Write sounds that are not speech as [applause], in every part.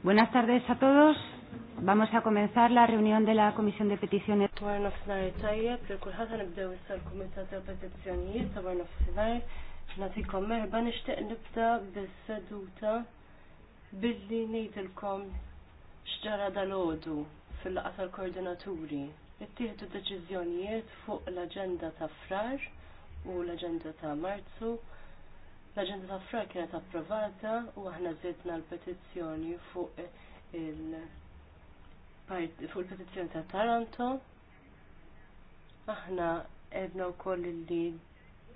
Buenas tardes a todos. Vamos a comenzar la reunión de la Comisión de Peticiones. War nofsinar tajjeb, li kulħadd nibdew issa l-Kumitat ta' Petizzjonijiet ta' war nofsinar. Nagħtikom merba nixtieq nibda bis-seduta billi nidilkom x'ġara dal-għodu fil-laqgħa tal-koordinaturi. Ittieħdu deċiżjonijiet fuq l-aġenda ta' frar u l-aġenda ta' marzu L-agenda ta' fra kienet approvata u aħna zidna l-petizzjoni fuq il- fuq il-petizzjoni ta' Taranto. Aħna edna u koll li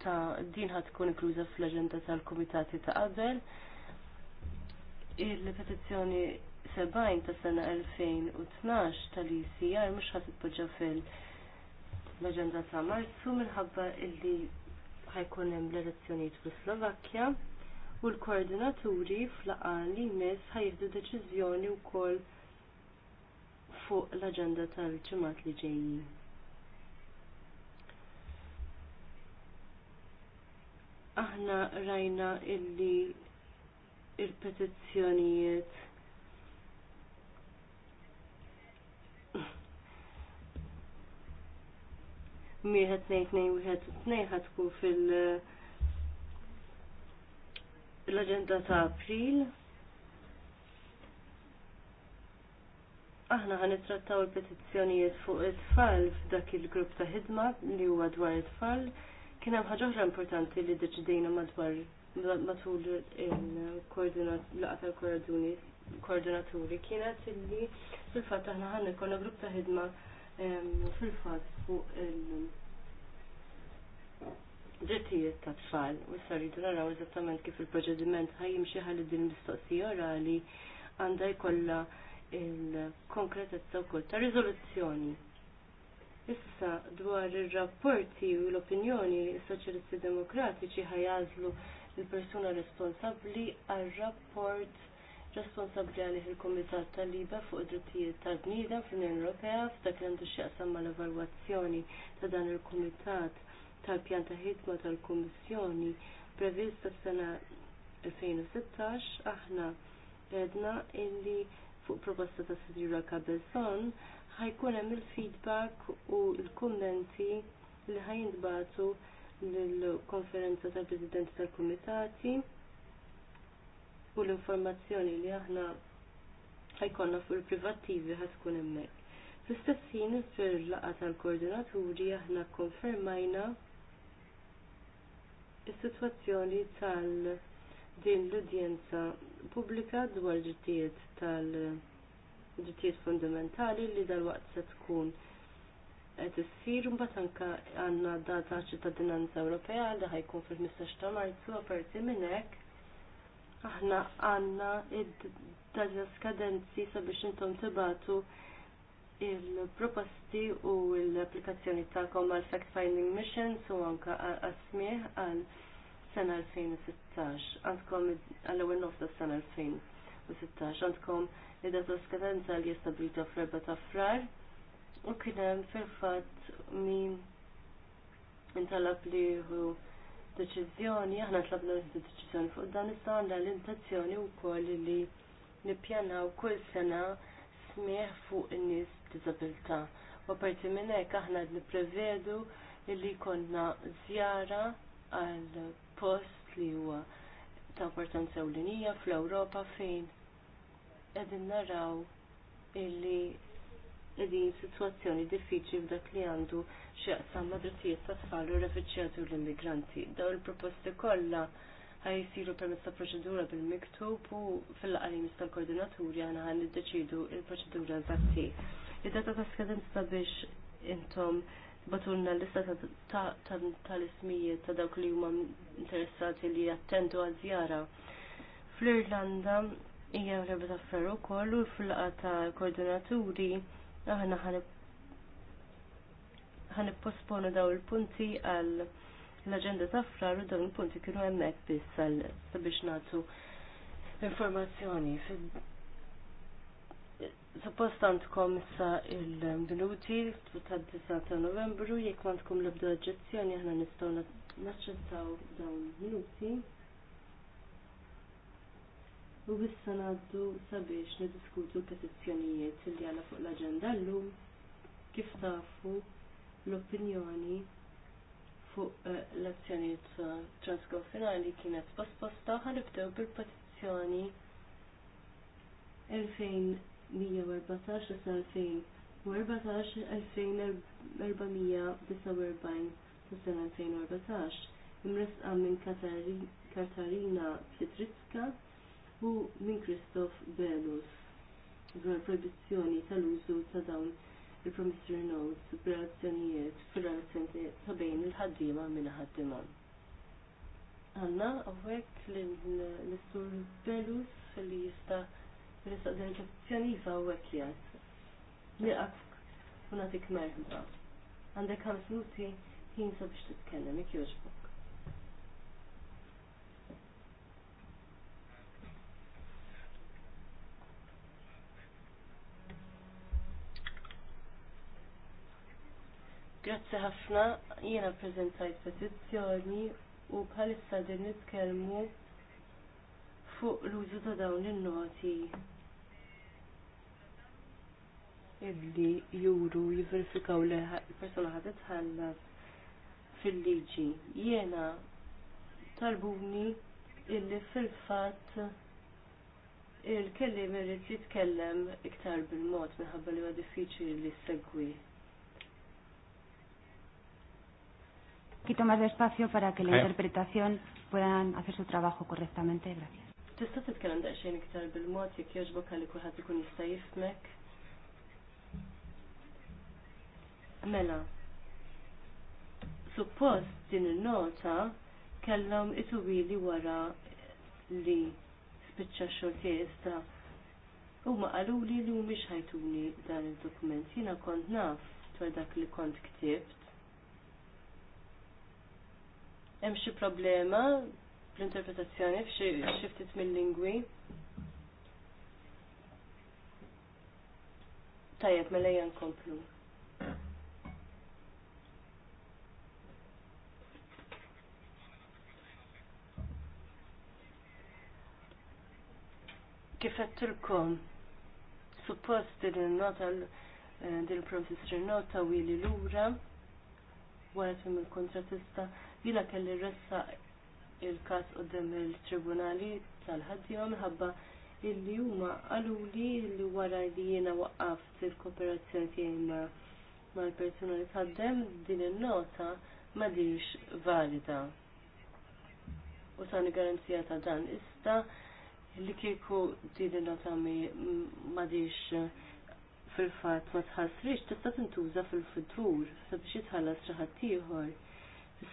ta' din ħat tkun inkluża fl aġenda tal-komitati ta' qabel. Il-petizzjoni 70 ta' sena 2012 tal-ICR mhux ħadd titpoġġa fil-aġenda ta' Marzu minħabba illi ħajkun hemm l-elezzjonijiet fl-Slovakkja u l-koordinaturi fl li jmiss ħajjieħdu deċiżjoni wkoll fuq l-aġenda tal-ġimgħat li ġejjin. Aħna rajna illi il-petizzjonijiet Mieħed ngħid ngħid wieħed tnejn tkun fil l-aġenda ta' April. Aħna ħan trattaw il-petizzjonijiet fuq it-tfal f'dak il-grupp ta' ħidma li huwa dwar it-tfal. Kien hemm ħaġa oħra importanti li deċidejna madwar matul il-laqgħa tal-koordinaturi kienet illi fil-fatt aħna ħanna jkollna grupp ta' ħidma fil-fat fuq il-ġettijiet ta' tfal. U rridu naraw eżattament kif il-proċediment ħajjimxi ħalli din mistoqsija orali għandha jkollha il-konkretezza wkoll ta' riżoluzzjoni. Issa dwar ir-rapporti u l-opinjoni s-soċjalisti demokratiċi ħajazlu il-persuna responsabbli għal rapport responsabbli għalih il-Kumitat tal-Liba fuq id-drittijiet tal-bniedem fl-Unjoni Ewropea f'dak li għandu xieqsam mal-evalwazzjoni ta' dan il-Kumitat tal-pjan ta' ħidma tal-Kummissjoni previst s sena 2016 aħna edna illi fuq proposta ta' Sidira Cabezon ħajkun hemm il-feedback u l-kummenti li ħajintbatu lill-konferenza tal-Presidenti tal-Kumitati. tal presidenti tal komitati tal presidenti tal kumitati u l-informazzjoni li aħna ħajkonna fuq privattivi ħaskun hemmhekk. Fl-istess ħin fil-laqgħa tal-koordinaturi aħna konfermajna is-sitwazzjoni tal- din l-udjenza pubblika dwar ġittijiet tal- ġittijiet fundamentali li dal-waqt se tkun qed issir mbagħad anke għandna data ċittadinanza Ewropea li ħajkun fil-15 ta' Marzu apparti minn hekk aħna għanna id-daġa skadenzi sabiex intom tibatu il-proposti u l-applikazzjoni tagħkom għal fact finding mission u għanka għasmiħ għal sena 2016 għandkom għal-ewwel nofs ta' sena 2016 għandkom id-data skadenza li jistabilita ferba ta' frar u kien hemm fil-fatt min intalab liħu deċiżjoni, aħna tlabna deċizjoni fuq dan issa għandna l-intenzjoni wkoll li nippjanaw kull sena smieħ fuq in-nies b'diżabilità. U parti minn hekk aħna nipprevedu li konna żjara għal post li huwa ta' importanza ewlenija fl-Ewropa fejn qegħdin naraw illi edin situazzjoni diffiċli f'dak li għandu x'jaqsam ma' drittijiet ta' tfal u refuġjati u l-immigranti. Daw il-proposti kollha ħajsiru permezz ta' proċedura bil-miktub u fil-qalim tal-koordinaturi għana ħan niddeċidu il-proċedura eżatti. Id-data ta' skadenza biex intom batunna l-lista tal-ismijiet ta' dawk li huma interessati li jattendu għazjara. żjara Fl-Irlanda hija l-erba ta' u kollu fil-laqa koordinaturi aħna postponu daw il-punti għal l-agenda ta' frar u dawn il-punti kienu hemmhekk biss għal sabiex nagħtu informazzjoni. Suppostant kom issa il-minuti ta' 19 ta' Novembru jekk m'għandkom l-ebda oġġezzjoni aħna nistgħu naċċettaw dawn il-minuti. U issa ngħaddu sabiex niddiskutu l-petizzjonijiet li għala fuq l-aġenda llum kif tafu l-opinjoni fuq eh, l-azzjonijiet transkonfinali kienet posposta ħanibdew bil-petizzjoni 2114 sa 2014-2449 sa sena 2014 imresqa minn Katarina Fidritska u minn Kristof Belus dwar proibizzjoni tal-użu ta' dawn il-promissory notes b'relazzjonijiet fir-relazzjonijiet ta' bejn il-ħaddiema minn ħaddiema. Għanna għawek l-istur Belus li jista' jista' din il-proibizzjoni jifa għawek jgħat. Nilqak u natik merħba. Għandek ħams minuti ħin sabiex titkellem, jek Grazzi ħafna, jiena prezentajt petizzjoni u bħalissa din nitkellmu fuq l-użu ta' dawn in-noti illi juru jiverifikaw li persona ħad tħallas fil-liġi. Jiena talbuni illi fil-fatt il-kellim irrid jitkellem iktar bil-mod minħabba li huwa diffiċli li segwi quito más de espacio para que la interpretación puedan hacer su trabajo correctamente. Gracias. Tista' titkellem daqsxejn iktar bil-mod jekk jogħġbok għalli kulħadd ikun jista' jifmek. Mela, suppost din il-nota kellhom ituwili wara li spiċċa xogħol u ma qaluli li mhumiex ħajtuni dan id dokument Jiena kont naf dwar dak li kont ktibt hemm xi problema bl-interpretazzjoni f'xi ftit mill-lingwi. Tajjeb, mela ejja nkomplu. Kif għattilkom, suppost il-nota eh, il professor nota wili l-ura, għarat il-kontratista, Jina kelli ressa il-kas dem il-tribunali tal-ħadjom ħabba illi huma għaluli li wara li jiena waqqaft il-kooperazzjoni tiegħi mal personali li tħaddem din il-nota ma dirx valida. U tani garanzija ta' dan ista li kieku din il-nota ma dirx fil-fat ma tħassrix tista' tintuża fil-futur sabiex jitħallas xi ħadd ieħor.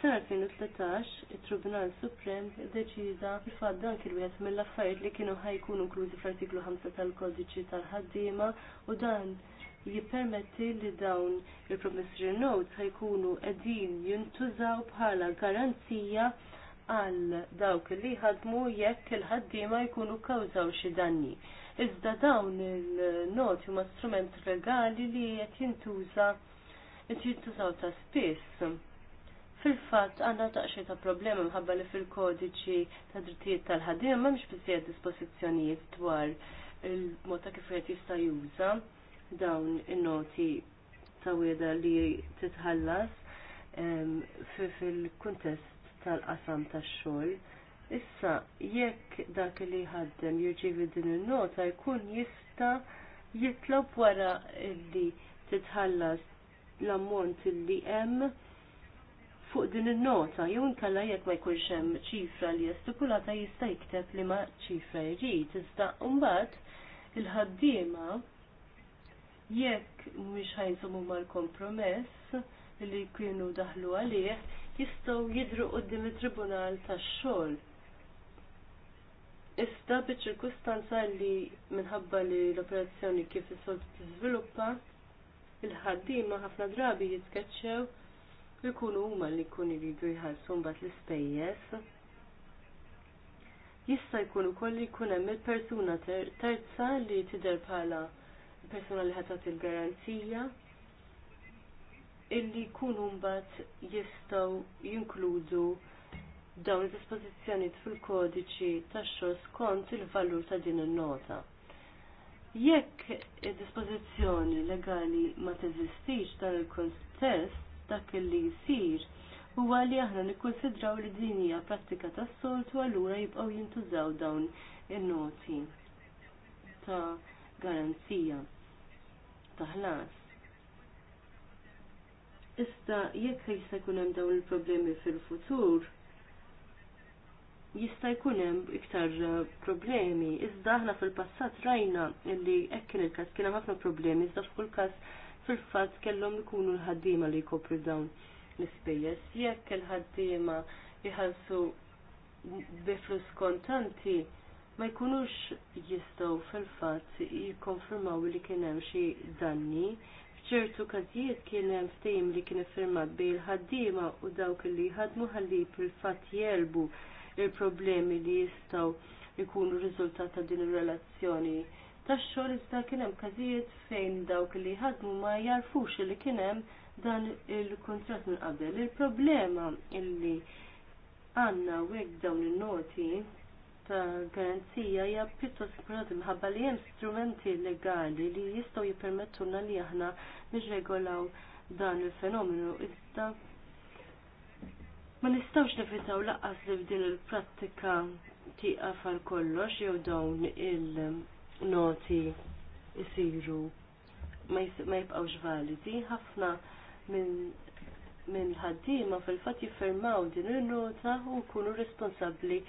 Sena 2013, il-Tribunal Suprem deċida fad dan kien wieħed mill-affarijiet li kienu ħajkunu inklużi fl-artiklu 5 tal-Kodiċi tal-ħaddiema u dan jippermetti li dawn il-promissory notes ħajkunu qegħdin jintużaw bħala garanzija għal dawk li ħadmu jekk il-ħaddiema jkunu kkawżaw xi danni. Iżda dawn il-noti huma strument legali li qed jintuża qed jintużaw ta' spiss Fil-fatt għandna taqxie ta' problema mħabba li fil-kodiċi ta' drittijiet tal-ħadiem m'hemmx biżjed dispożizzjonijiet dwar il mota kif qed jista' juża dawn in-noti ta' wieda li titħallas ehm, fil-kuntest tal-qasam tax-xogħol. Issa, jekk dak li ħaddem jirċievi din il-nota jkun jista jitlob wara li titħallas l-ammont li hemm fuq din il-nota, jew inkella jekk ma jkunx hemm ċifra li stipulata jista' jikteb li ma ċifra jrid. Iżda mbagħad il-ħaddiema jekk mhux huma mal-kompromess li kienu daħlu għalih jistgħu jidhru qudiem it-Tribunal tax-xogħol. Iżda biċ-ċirkustanza li minħabba li l-operazzjoni kif isoltu tiżviluppa, il-ħaddiema ħafna drabi jitkeċċew jikunu huma li jkunu jridu jħallsu mbagħad l-ispejjeż. Jista' jkun ukoll li jkun hemm il-persuna terza li tidher bħala persuna li ħatat il-garanzija illi jkunu mbagħad jistgħu jinkludu dawn id-dispożizzjonijiet fil-kodiċi tax-xogħol skont il-valur ta' din in-nota. Jekk id-dispożizzjoni legali ma teżistix dan il-kontest, dak li jsir huwa li aħna nikkonsidraw li din hija prattika tas-soltu allura jibqgħu jintużaw dawn in-noti ta' garanzija ta' ħlas. Issa jekk jista' jkun hemm dawn il-problemi fil-futur, jista' jkun hemm iktar eh, problemi. Iżda aħna fil-passat rajna li hekk kien il-każ kien hemm ħafna problemi, iżda f'kull każ fil-fatt kellhom ikunu l-ħaddiema li jkopru dawn l-ispejjeż. Jekk il-ħaddiema jħallsu biflus kontanti ma jkunux jistgħu fil-fatt jikkonfirmaw li kien hemm xi danni. F'ċertu każijiet kien hemm ftehim li kien iffirmat bejn il-ħaddiema u dawk li jħadmu ħallib fil-fatt jelbu il-problemi li jistgħu jkunu riżultat ta' din ir-relazzjoni tax-xogħol iżda kien hemm każijiet fejn dawk li ħadmu ma jarfux li kien hemm dan il kuntratt minn qabel. Il-problema illi għandna wek dawn in-noti ta' garanzija hija pjuttost kurati minħabba li hemm strumenti legali li jistgħu jippermettuna li aħna nirregolaw dan il-fenomenu iżda ma nistgħux nifitaw laqqas li f'din il-prattika tieqa fal kollox jew dawn il- noti jisiru ma jibqawx validi ħafna minn minn ħaddiema fil-fatt jiffirmaw din il-nota u jkunu responsabbli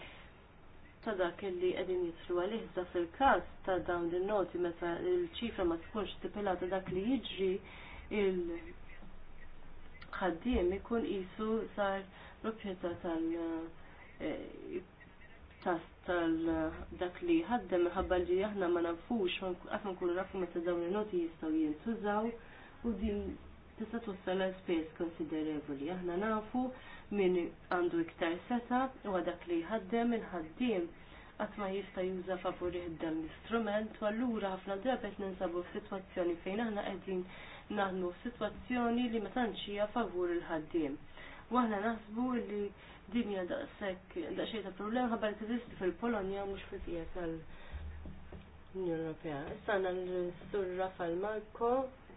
ta' dak li qegħdin jitru għalih fil kas ta' dawn il-noti meta l-ċifra ma tkunx tipilata dak li jiġri il ħaddiem ikun jisu sar proprjetà tal eh, tal-dak li ħaddem minħabba li aħna ma nafux, qatt ma nkunu nafu meta dawn il-noti jistgħu jintużaw u din tista' tussal spejs konsiderevoli. Aħna nafu min għandu iktar seta u dak li ħaddem il-ħaddiem qatt ma jista' juża favur iħdem l-istrument u allura ħafna drabet ninsabu f'sitwazzjoni fejn aħna qegħdin naħdmu f'sitwazzjoni li ma tantx hija favur il-ħaddiem. Waħna naħsbu li dinja da' daqxej ta' problem ħabar tiżisti fil-Polonja mhux fil-tija tal-Unjoni Ewropea. Issa għandna l-Sur Rafael Marco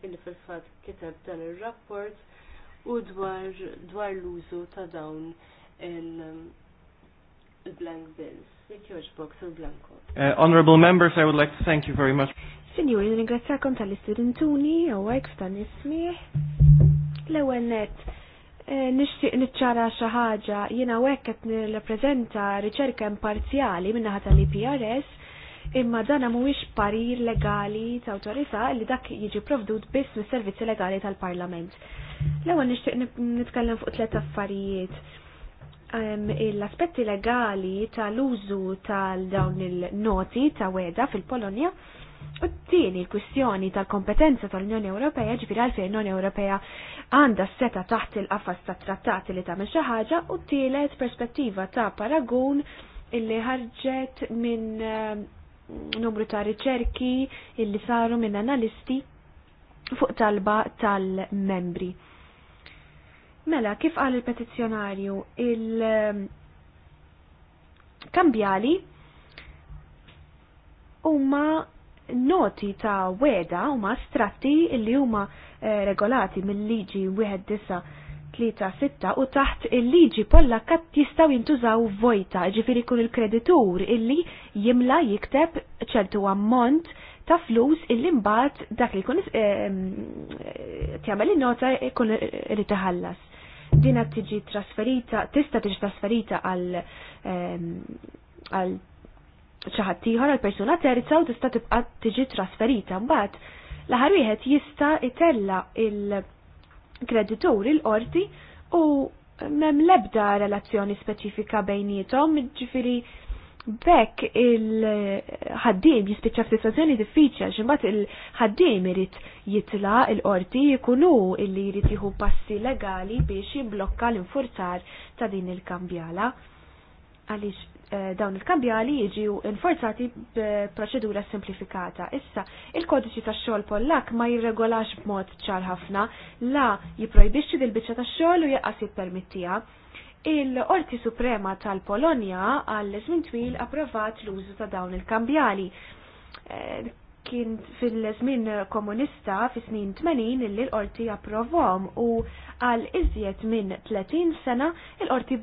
illi fil fat kiteb dan il rapport u dwar dwar l-użu ta' dawn il-blank um, bills. Uh, honorable members, I would like to thank you very much. Signori, ringrazzakom tal-istudentuni, għawek f'dan ismiħ. L-ewel net, Eh, nixtieq niċċara xi ħaġa jiena hekk qed riċerka imparzjali minnaħa tal-IPRS imma dana mhuwiex parir legali ta' awtorità li dak jiġi provdut biss mis-servizzi legali tal-Parlament. L-ewwel nixtieq nitkellem fuq tliet affarijiet. L-aspetti legali tal-użu tal-dawn il-noti ta' weda fil-Polonja U t-tieni l-kwistjoni tal-kompetenza tal-Unjoni Ewropea ġifir għalfejn l-Unjoni Ewropea għandha seta taħt il-qafas ta' trattati li tagħmel xi ħaġa u t-tielet perspettiva ta' paragun illi ħarġet minn eh, numru ta' riċerki illi saru minn analisti fuq talba tal-membri. Mela, kif qal il-petizzjonarju, il-kambjali eh, huma noti ta' weda huma stratti illi huma eh, regolati mill-liġi 1936 u taħt il-liġi polla katt jistaw jintużaw vojta, ġifiri kun il-kreditur illi jimla jikteb ċertu ammont ta' flus illi mbagħad dak li kun eh, mm, eh, tjagħmel il nota kun irid iħallas. Dina tiġi trasferita, tista' tiġi trasferita għal mm, ċaħat tiħor għal-persuna terza u tista tibqa tiġi trasferita mbagħad l-aħar wieħed jista' itella il-kreditur il-qorti u mem lebda relazzjoni speċifika bejnietom, ġifiri bekk il-ħaddim jispiċċa f'sitwazzjoni diffiċli x'imbagħad il-ħaddim irid jitla il-qorti jkunu illi jrid jieħu passi legali biex jimblokka l-infurzar ta' din il-kambjala għaliex eh, dawn il-kambjali jiġu b b'proċedura simplifikata. Issa, il-kodiċi tax xogħol Pollak ma jirregolax b'mod ċar ħafna, la jipprojbixxi dil-biċċa tax xogħol u jaqqas jippermittija. Il-Qorti Suprema tal-Polonja għall żmien twil approvat l-użu ta' dawn il-kambjali eh, kien fil-żmien komunista fi snin 80 illi l-qorti approvhom u għal iżjed minn 30 sena l-qorti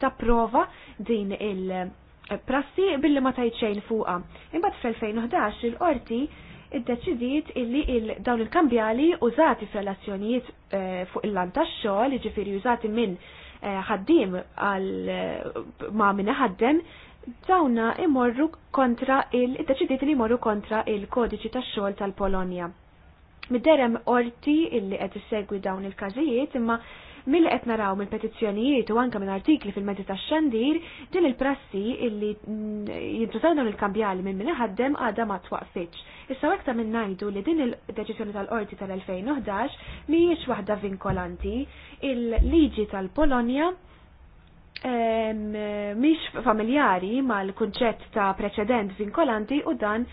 ta' prova din il-prassi billi ma tajt xejn fuqha. Imbagħad fl-2011 il-qorti iddeċidiet illi il dawn il-kambjali użati f'relazzjonijiet eh, fuq il-lan tax-xogħol, jiġifieri użati minn eh, ħaddim għal ma' minn ħaddem dawna imorru kontra il-deċidiet li imorru kontra il-kodiċi tax xogħol tal-Polonja. Midderem orti illi qed issegwi dawn il-każijiet imma mill qed naraw mill-petizzjonijiet u anke minn artikli fil-mezzi tax-xandir din il-prassi illi mm, jintużaw dawn il-kambjali minn min ħaddem għadha ma twaqfitx. Issa wekta minn ngħidu li din il-deċiżjoni tal-qorti tal-2011 mhijiex waħda vinkolanti, il-liġi tal-Polonja mhix familjari mal-kunċett ta' preċedent vinkolanti u dan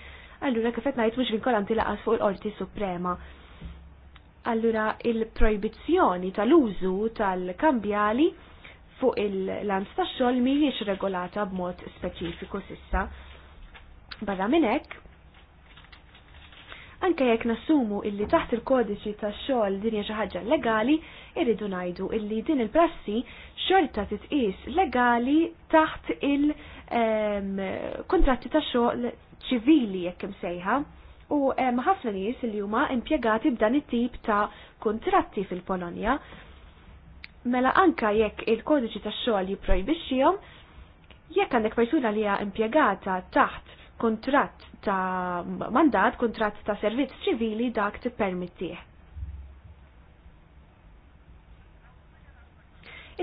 allura kif qed ngħid mhux vinkolanti laqas fuq il-Qorti Suprema. Allura il-projbizzjoni tal-użu tal-kambjali fuq il-lanz tax-xogħol mhijiex regolata b'mod speċifiku sissa. Barra minn hekk, Anke jekk nassumu illi taħt il-kodiċi tax-xogħol din hija xi ħaġa legali, irridu ngħidu illi din il-prassi xorta titqis legali taħt il-kontratti ehm, tax-xogħol ċivili jekk imsejħa u hemm ħafna nies li huma impjegati b'dan it-tip ta' kontratti fil-Polonja. Mela anka jekk il-kodiċi tax-xogħol jipprojbixxihom, jekk għandek persuna li hija impjegata taħt kontratt ta' mandat, kontrat ta' servizz ċivili dak tippermittih.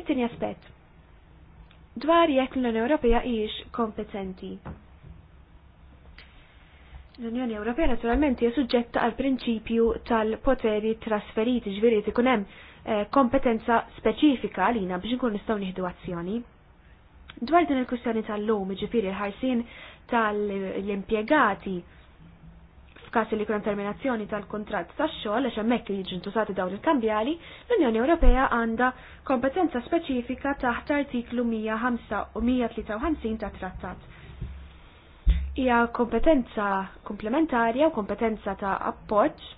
It-tieni aspett. Dwar jekk l-Unjoni Ewropea hijiex kompetenti. L-Unjoni Ewropea naturalment hija suġġetta għal prinċipju tal-poteri trasferiti ġviri ikun hemm eh, kompetenza speċifika għalina biex nkun nistgħu nieħdu azzjoni. Dwar din il-kustjoni tal-lum, ġifiri ħarsin tal-impiegati f'każ li kunem terminazzjoni tal kuntratt tax-xogħol għax hemmhekk jiġu ntużati dawn il-kambjali, l-Unjoni Ewropea għandha kompetenza speċifika taħt artiklu 153 tat-trattat. Hija kompetenza komplementarja u kompetenza ta' appoġġ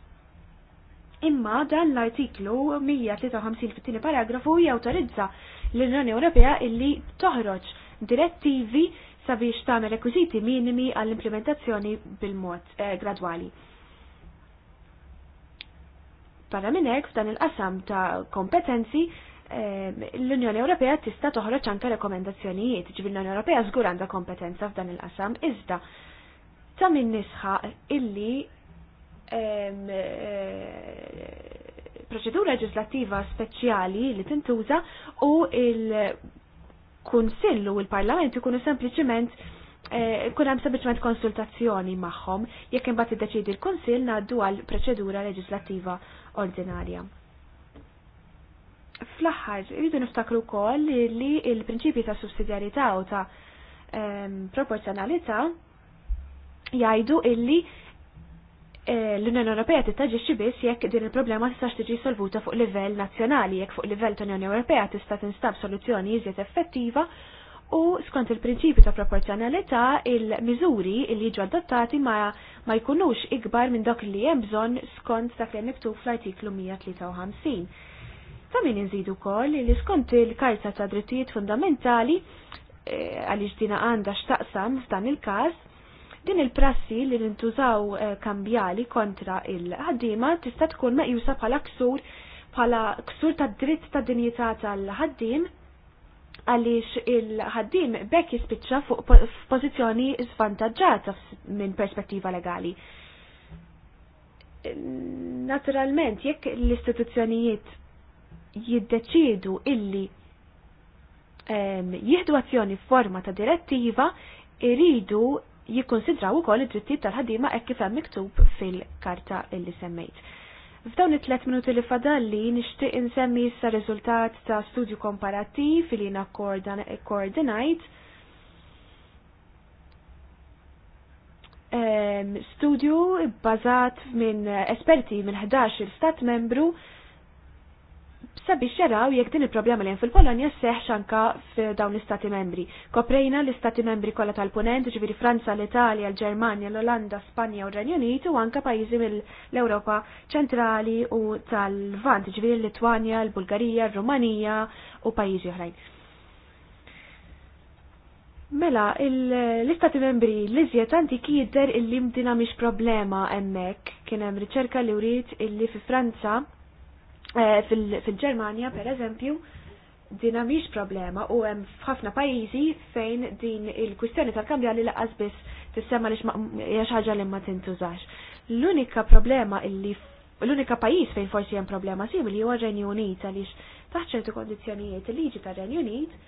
imma dan l-artiklu 153 fit-tieni paragrafu jawtorizza l-Unjoni Ewropea illi toħroġ direttivi sabiex tagħmel rekwiżiti minimi għall-implementazzjoni bil-mod eh, gradwali. Barra minn hekk f'dan il-qasam ta' kompetenzi eh, l-Unjoni Ewropea tista' toħroġ anke rekomendazzjonijiet, ġifieri l-Unjoni Ewropea żgur għandha kompetenza f'dan il-qasam iżda ta' min nisħaq illi Eh, proċedura leġislattiva speċjali li tintuża u il-Kunsill u il-Parlament ikunu sempliċement eh, ikun hemm sempliċement konsultazzjoni magħhom jekk imbagħad iddeċiedi l-Kunsill ngħaddu għal proċedura leġislattiva ordinarja. Fl-aħħar irridu niftakru wkoll li l-prinċipji ta' sussidjarjetà u ta' proporzjonalità jgħidu illi Eh, l-Unjoni Ewropea tittaġixxi biss jekk din il-problema tistax tiġi solvuta fuq livell nazzjonali, jekk fuq livell ta' Unjoni Ewropea tista' tinstab soluzzjoni iżjed effettiva u skont il-prinċipju ta' proporzjonalità il-miżuri li jiġu adottati ma, ma jkunux ikbar minn dak li hemm bżonn skont dak li miktub fl-artiklu 153. Ta' min inżidu wkoll li skont il-Karta ta' Drittijiet Fundamentali eh, għaliex dina għandha x'taqsam f'dan il-każ Din il-prassi li nintużaw eh, kambjali kontra il-ħaddima tista' tkun meqjusa bħala ksur bħala ksur ta' dritt ta' dinjità tal-ħaddim għaliex il-ħaddim bekk jispiċċa fuq pożizzjoni svantaġġata minn perspettiva legali. Naturalment, jekk l-istituzzjonijiet jiddeċidu illi ehm, jihdu azzjoni f'forma ta' direttiva iridu jikkonsidraw ukoll id-drittijiet tal-ħaddiema hekk kif hemm miktub fil-karta illi semmejt. F'dawn it-tlet minuti li fadalli nixtieq insemmi issa riżultat ta' studju komparattiv li jiena koordinajt ehm, studju bbażat minn esperti minn 11 il-stat membru sabiex jaraw jekk din il-problema li hemm fil-Polonja seħ xanka f'dawn l-istati membri. Koprejna l-istati membri kollha tal ponent ġviri Franza, l-Italja, l-Ġermanja, l-Olanda, Spanja u l renju u anke pajjiżi mill-Ewropa ċentrali u tal-Vant, ġviri l litwania l-Bulgarija, l rumanija u pajjiżi oħrajn. Mela, l-istati membri l izjet antiki jidder il-limdina miex problema hemmhekk kien hemm riċerka li wrid illi fi Franza Eh, fil-Ġermanja per eżempju dina miex problema u hemm f'ħafna pajjiżi fejn din il-kwistjoni tal-kambja li laqas biss tissema li hija xi ħaġa li ma tintużax. L-unika problema illi l-unika pajjiż fejn forsi hemm problema simili huwa Renju Unit għaliex taħt ċertu kondizzjonijiet il-liġi tar-Renju Unit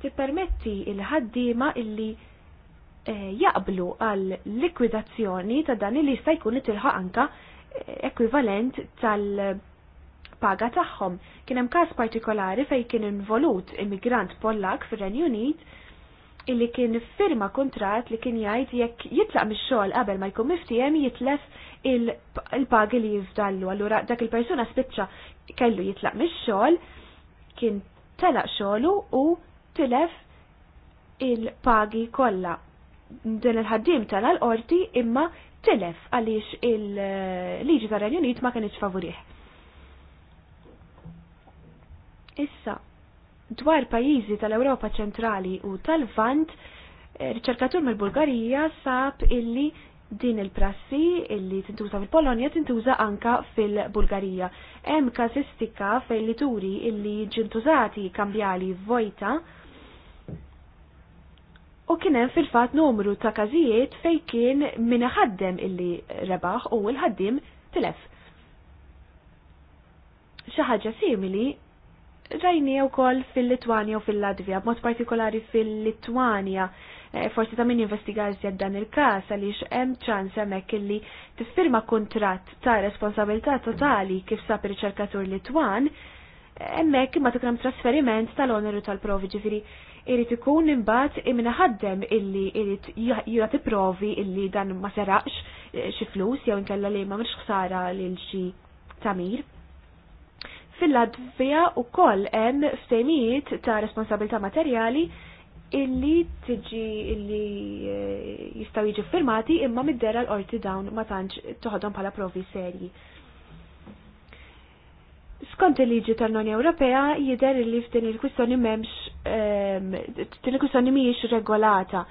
tippermetti il-ħaddiema illi eh, jaqblu għal likwidazzjoni ta' dan li jista' jkun itilħa anka eh, ekwivalent tal- paga tagħhom. Kien hemm każ partikolari fejn kien involut immigrant Pollak fir-Renju Unit illi kien firma kontrat li kien jgħid jekk jitlaq mix-xogħol qabel ma jkun miftiem jitlef il-pagi li jifdallu. Allura dak il-persuna spiċċa kellu jitlaq mix-xogħol kien telaq xogħlu u tilef il-pagi kollha. Din il-ħaddim tal-qorti imma tilef għaliex il-liġi tar Unit ma kienx favorih. Issa, dwar pajjiżi tal-Ewropa ċentrali u tal-Vant, eh, riċerkatur mill-Bulgarija sab illi din il-prassi illi tintuża fil-Polonja tintuża anka fil-Bulgarija. Hemm kazistika fejn li turi illi ġintużati kambjali vojta u kien hemm fil-fatt numru ta' każijiet fejn kien min ħaddem illi rebaħ u l-ħaddim tilef. Xi ħaġa simili rajni wkoll fil litwania u fil-Latvija, b'mod partikolari fil litwania eh, forsi ta' minn investigar dan il-kas għaliex hemm ċans hemmhekk illi tiffirma kuntratt ta' responsabilità totali kif sab ir-riċerkatur Litwan, hemmhekk ma tikram trasferiment tal-oneru tal-provi ġifieri irid ikun imbagħad imina ħaddem illi irid jagħti provi illi dan ma seraqx eh, xi flus jew inkella li ma mirx ħsara lil xi tamir. Fil-Latvija u koll hemm ftejmijiet ta' responsabilità materjali illi tiġi illi eh, jistaw jiġu firmati imma middera l-orti dawn ma tantx toħodhom bħala provi serji. Skont il-liġi tal-Unjoni Ewropea jidher li f'din il-kwistjoni m'hemmx ehm, din il-kwistjoni mhijiex regolata.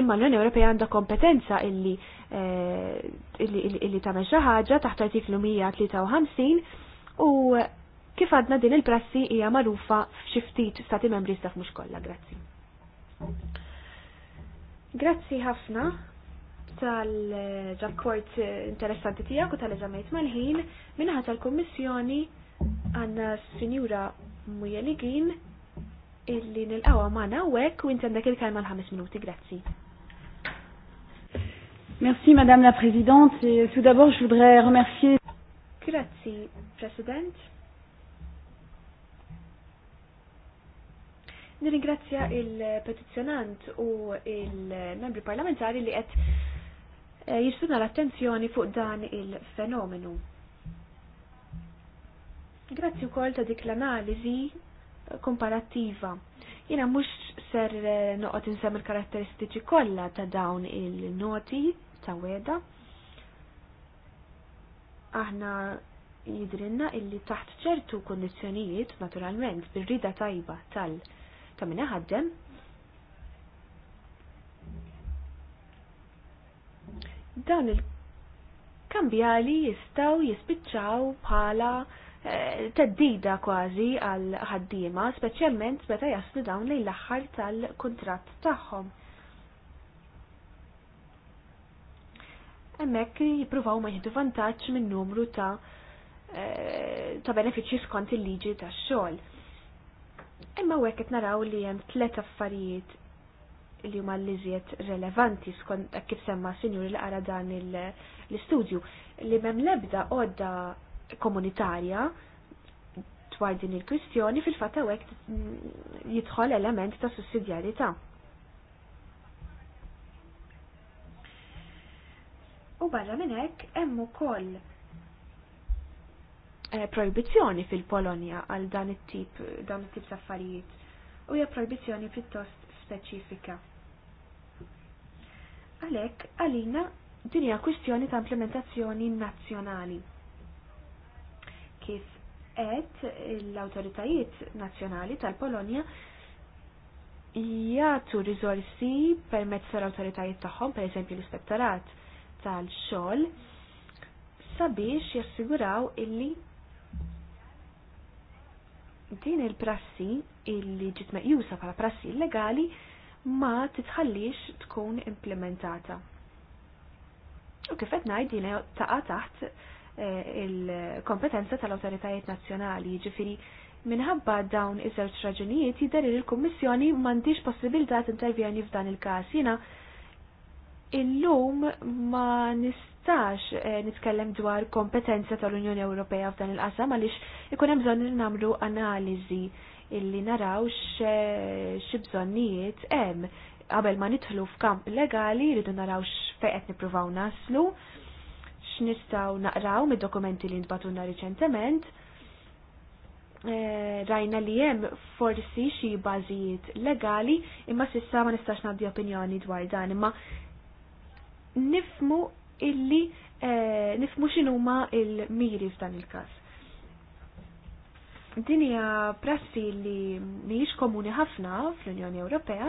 Imma l-Unjoni Ewropea għandha kompetenza illi eh, illi tagħmel xi ħaġa taħt artiklu 153 u Kif għadna din il-prassi hija magħrufa f'xi ftit stati membri staf mhux kollha, grazzi. Grazzi ħafna tal-rapport interessanti tijak u tal eżamejt mal-ħin minnaħat tal-Kommissjoni għanna s-Sinjura Mujeligin illi nil-qawa maħna u għek u intendek il-kalma l minuti, grazzi. Merci Madame la Présidente et tout d'abord je voudrais remercier Grazie President Nirringrazzja il-petizzjonant u il-membri parlamentari li qed eh, jistuna l-attenzjoni fuq dan il-fenomenu. Grazzi wkoll ta' dik l-analiżi komparattiva. Jiena mhux ser eh, noqgħod insem il-karatteristiċi kollha ta' dawn il-noti ta' weda. Aħna jidrinna illi taħt ċertu kondizjonijiet, naturalment bir-rida tajba tal- ta' minna ħaddem. Dawn il-kambjali jistaw jispiċċaw bħala eh, teddida kważi għal ħaddiema, speċjalment meta jaslu dawn lejn l-aħħar tal-kuntratt tagħhom. Hemmhekk jippruvaw ma jieħdu vantaġġ minn numru ta' eh, ta' benefiċċji skont il-liġi tax-xogħol. Imma u qed naraw li hemm tliet affarijiet li huma l-iżjed relevanti skont kif semma sinjuri li qara dan l-istudju li m'hemm l-ebda għodda komunitarja dwar din il-kwistjoni fil-fatt hawnhekk jidħol element ta' sussidjarjetà. U barra minn hekk hemm ukoll Eh, proibizjoni fil-Polonja għal dan it-tip dan it-tip ta' affarijiet u hija proibizjoni pjuttost speċifika. Għalhekk għalina din hija kwistjoni ta' implementazzjoni nazzjonali. Kif qed l-awtoritajiet nazzjonali tal-Polonja jagħtu riżorsi permezz tal-awtoritajiet tagħhom, pereżempju l-ispettorat tal-xogħol, sabiex jassiguraw illi din il-prassi illi ġiet meqjusa bħala prassi illegali ma titħallix tkun implementata. U kif qed ngħid din taqa' taħt eh, il-kompetenza tal-awtoritajiet nazzjonali, ġifiri minħabba dawn iż-żewġ raġunijiet jidher il-Kummissjoni m'għandix possibilità tintervjeni f'dan il-każ. Jiena illum ma nistax eh, nitkellem dwar kompetenza tal-Unjoni Ewropea f'dan il-qasam għaliex ikun hemm bżonn nagħmlu analiżi illi naraw xi bżonnijiet hemm qabel ma nidħlu f'kamp legali rridu naraw qed nippruvaw naslu, x'nistgħu naqraw mid-dokumenti li ntbatuna riċentement. Eh, rajna li jem forsi xi bażijiet legali imma sissa ma nistax nagħdi opinjoni dwar dan imma nifmu illi eh, nifmu x'inhuma il-miri f'dan il-każ. Din hija prassi li mhijiex komuni ħafna fl-Unjoni Ewropea,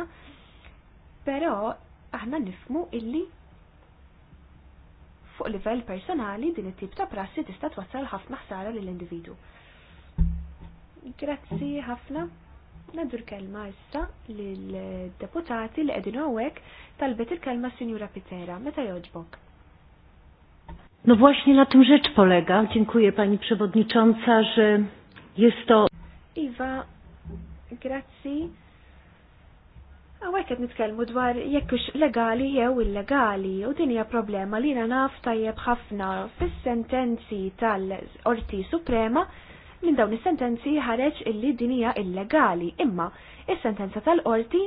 però aħna nifmu illi fuq livell personali din it-tip ta' prassi tista' twassal ħafna ħsara lill individu Grazzi ħafna. Nadur kelma issa l-deputati li għedin għawek talbet il-kelma Sinjura Pitera. Meta joġbok? No właśnie na tym rzecz polega. Dziękuję Pani Przewodnicząca, że jest to... Iwa, grazzi. Għawek għed nitkelmu dwar jekkux legali jew illegali u din hija problema li na naf tajjeb ħafna fis-sentenzi tal-Orti Suprema Minn dawn is-sentenzi ħareġ illi din hija illegali, imma is-sentenza tal-qorti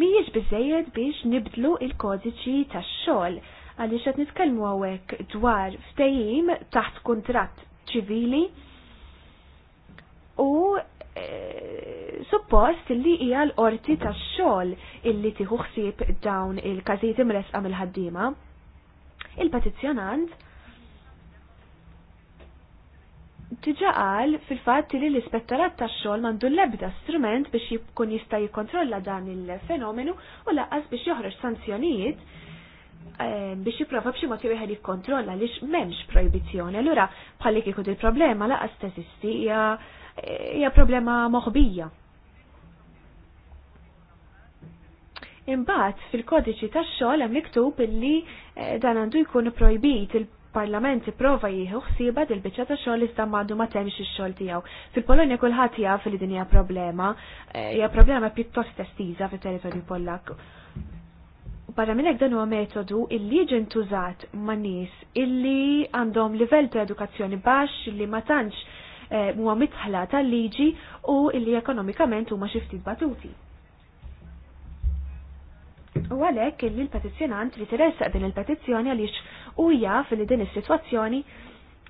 mhijiex biżejjed biex nibdlu il-kodiċi tax-xogħol għaliex qed nitkellmu hawnhekk dwar ftehim taħt kuntratt ċivili u e, suppost li hija l-qorti tax-xogħol illi tieħu ħsieb dawn il-każijiet imresqa mill-ħaddiema. Il-petizzjonant Tiġa qal fil-fatt li l-ispettorat tax-xogħol mandu l-ebda strument biex jkun jista' jikkontrolla dan il-fenomenu u laqqas biex joħroġ sanzjonijiet eh, biex jiprofa b'xi mod wieħed jikkontrolla lix m'hemmx projbizzjoni. Allura bħalli kieku il-problema laqas teżisti hija problema moħbija. Imbagħad fil-kodiċi tax-xogħol hemm miktub illi eh, dan għandu jkun projbit il parlament prova jieħu ħsiba dil biċċa ta' xogħol iżda m'għandu ma temx ix-xogħol tiegħu. Fil-Polonja kulħadd jaf li din hija problema, eh, hija problema pjuttost estiża fit-territorju Pollak. Barra minn dan huwa metodu illi jiġi ntużat ma' nies illi għandhom livell ta' edukazzjoni baxx li ma tantx eh, huwa mitħla tal-liġi u illi ekonomikament huma xi ftit batuti. U għalhekk illi l-petizzjonant li tiressaq din il-petizzjoni għaliex u jaf din is-sitwazzjoni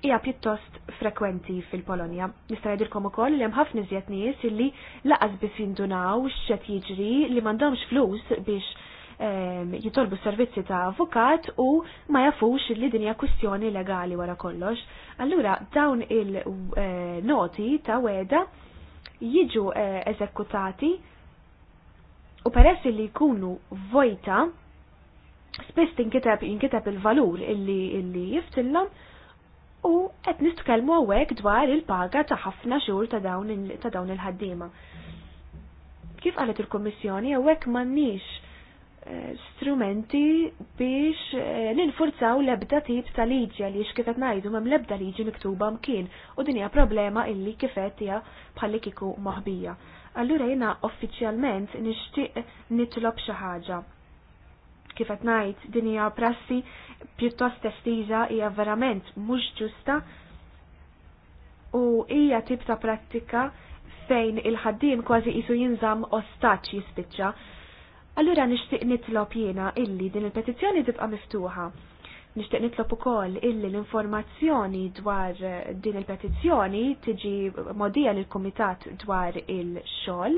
hija pjuttost frekwenti fil-Polonja. Nista' jgħidilkom ukoll li hemm ħafna iżjed nies illi laqas biss jindunaw x'qed jiġri li m'għandhomx flus biex ehm, jitolbu servizzi ta' avukat u ma jafux li din hija kwistjoni legali wara kollox. Allura dawn il-noti eh, ta' weda jiġu eh, eżekutati U peress li jkunu vojta, spiss tinkitab jinkiteb il-valur illi illi u qed nitkellmu hawnhekk dwar il-paga ta' ħafna xhur ta' dawn il-ħaddiema. Kif qalet il-Kummissjoni hawnhekk m'għandniex Eh, strumenti biex eh, ninfurzaw l-ebda tip ta' liġi li xkifet najdu ngħidu lebda ebda liġi miktuba mkien u dinja problema illi kifet hija bħalli kieku moħbija. Allura jiena uffiċjalment nixtieq nitlob xi ħaġa. Kif qed ngħid din hija prassi pjuttost estiża hija verament mhux ġusta u hija tip ta' prattika fejn il-ħaddiem kważi qisu jinżamm ostaċ jispiċċa Allura nixtieq nitlob jiena illi din il-petizzjoni tibqa' miftuħa. Nixtieq nitlob ukoll illi l-informazzjoni dwar eh, din il-petizzjoni tiġi modija lill-kumitat dwar il-xogħol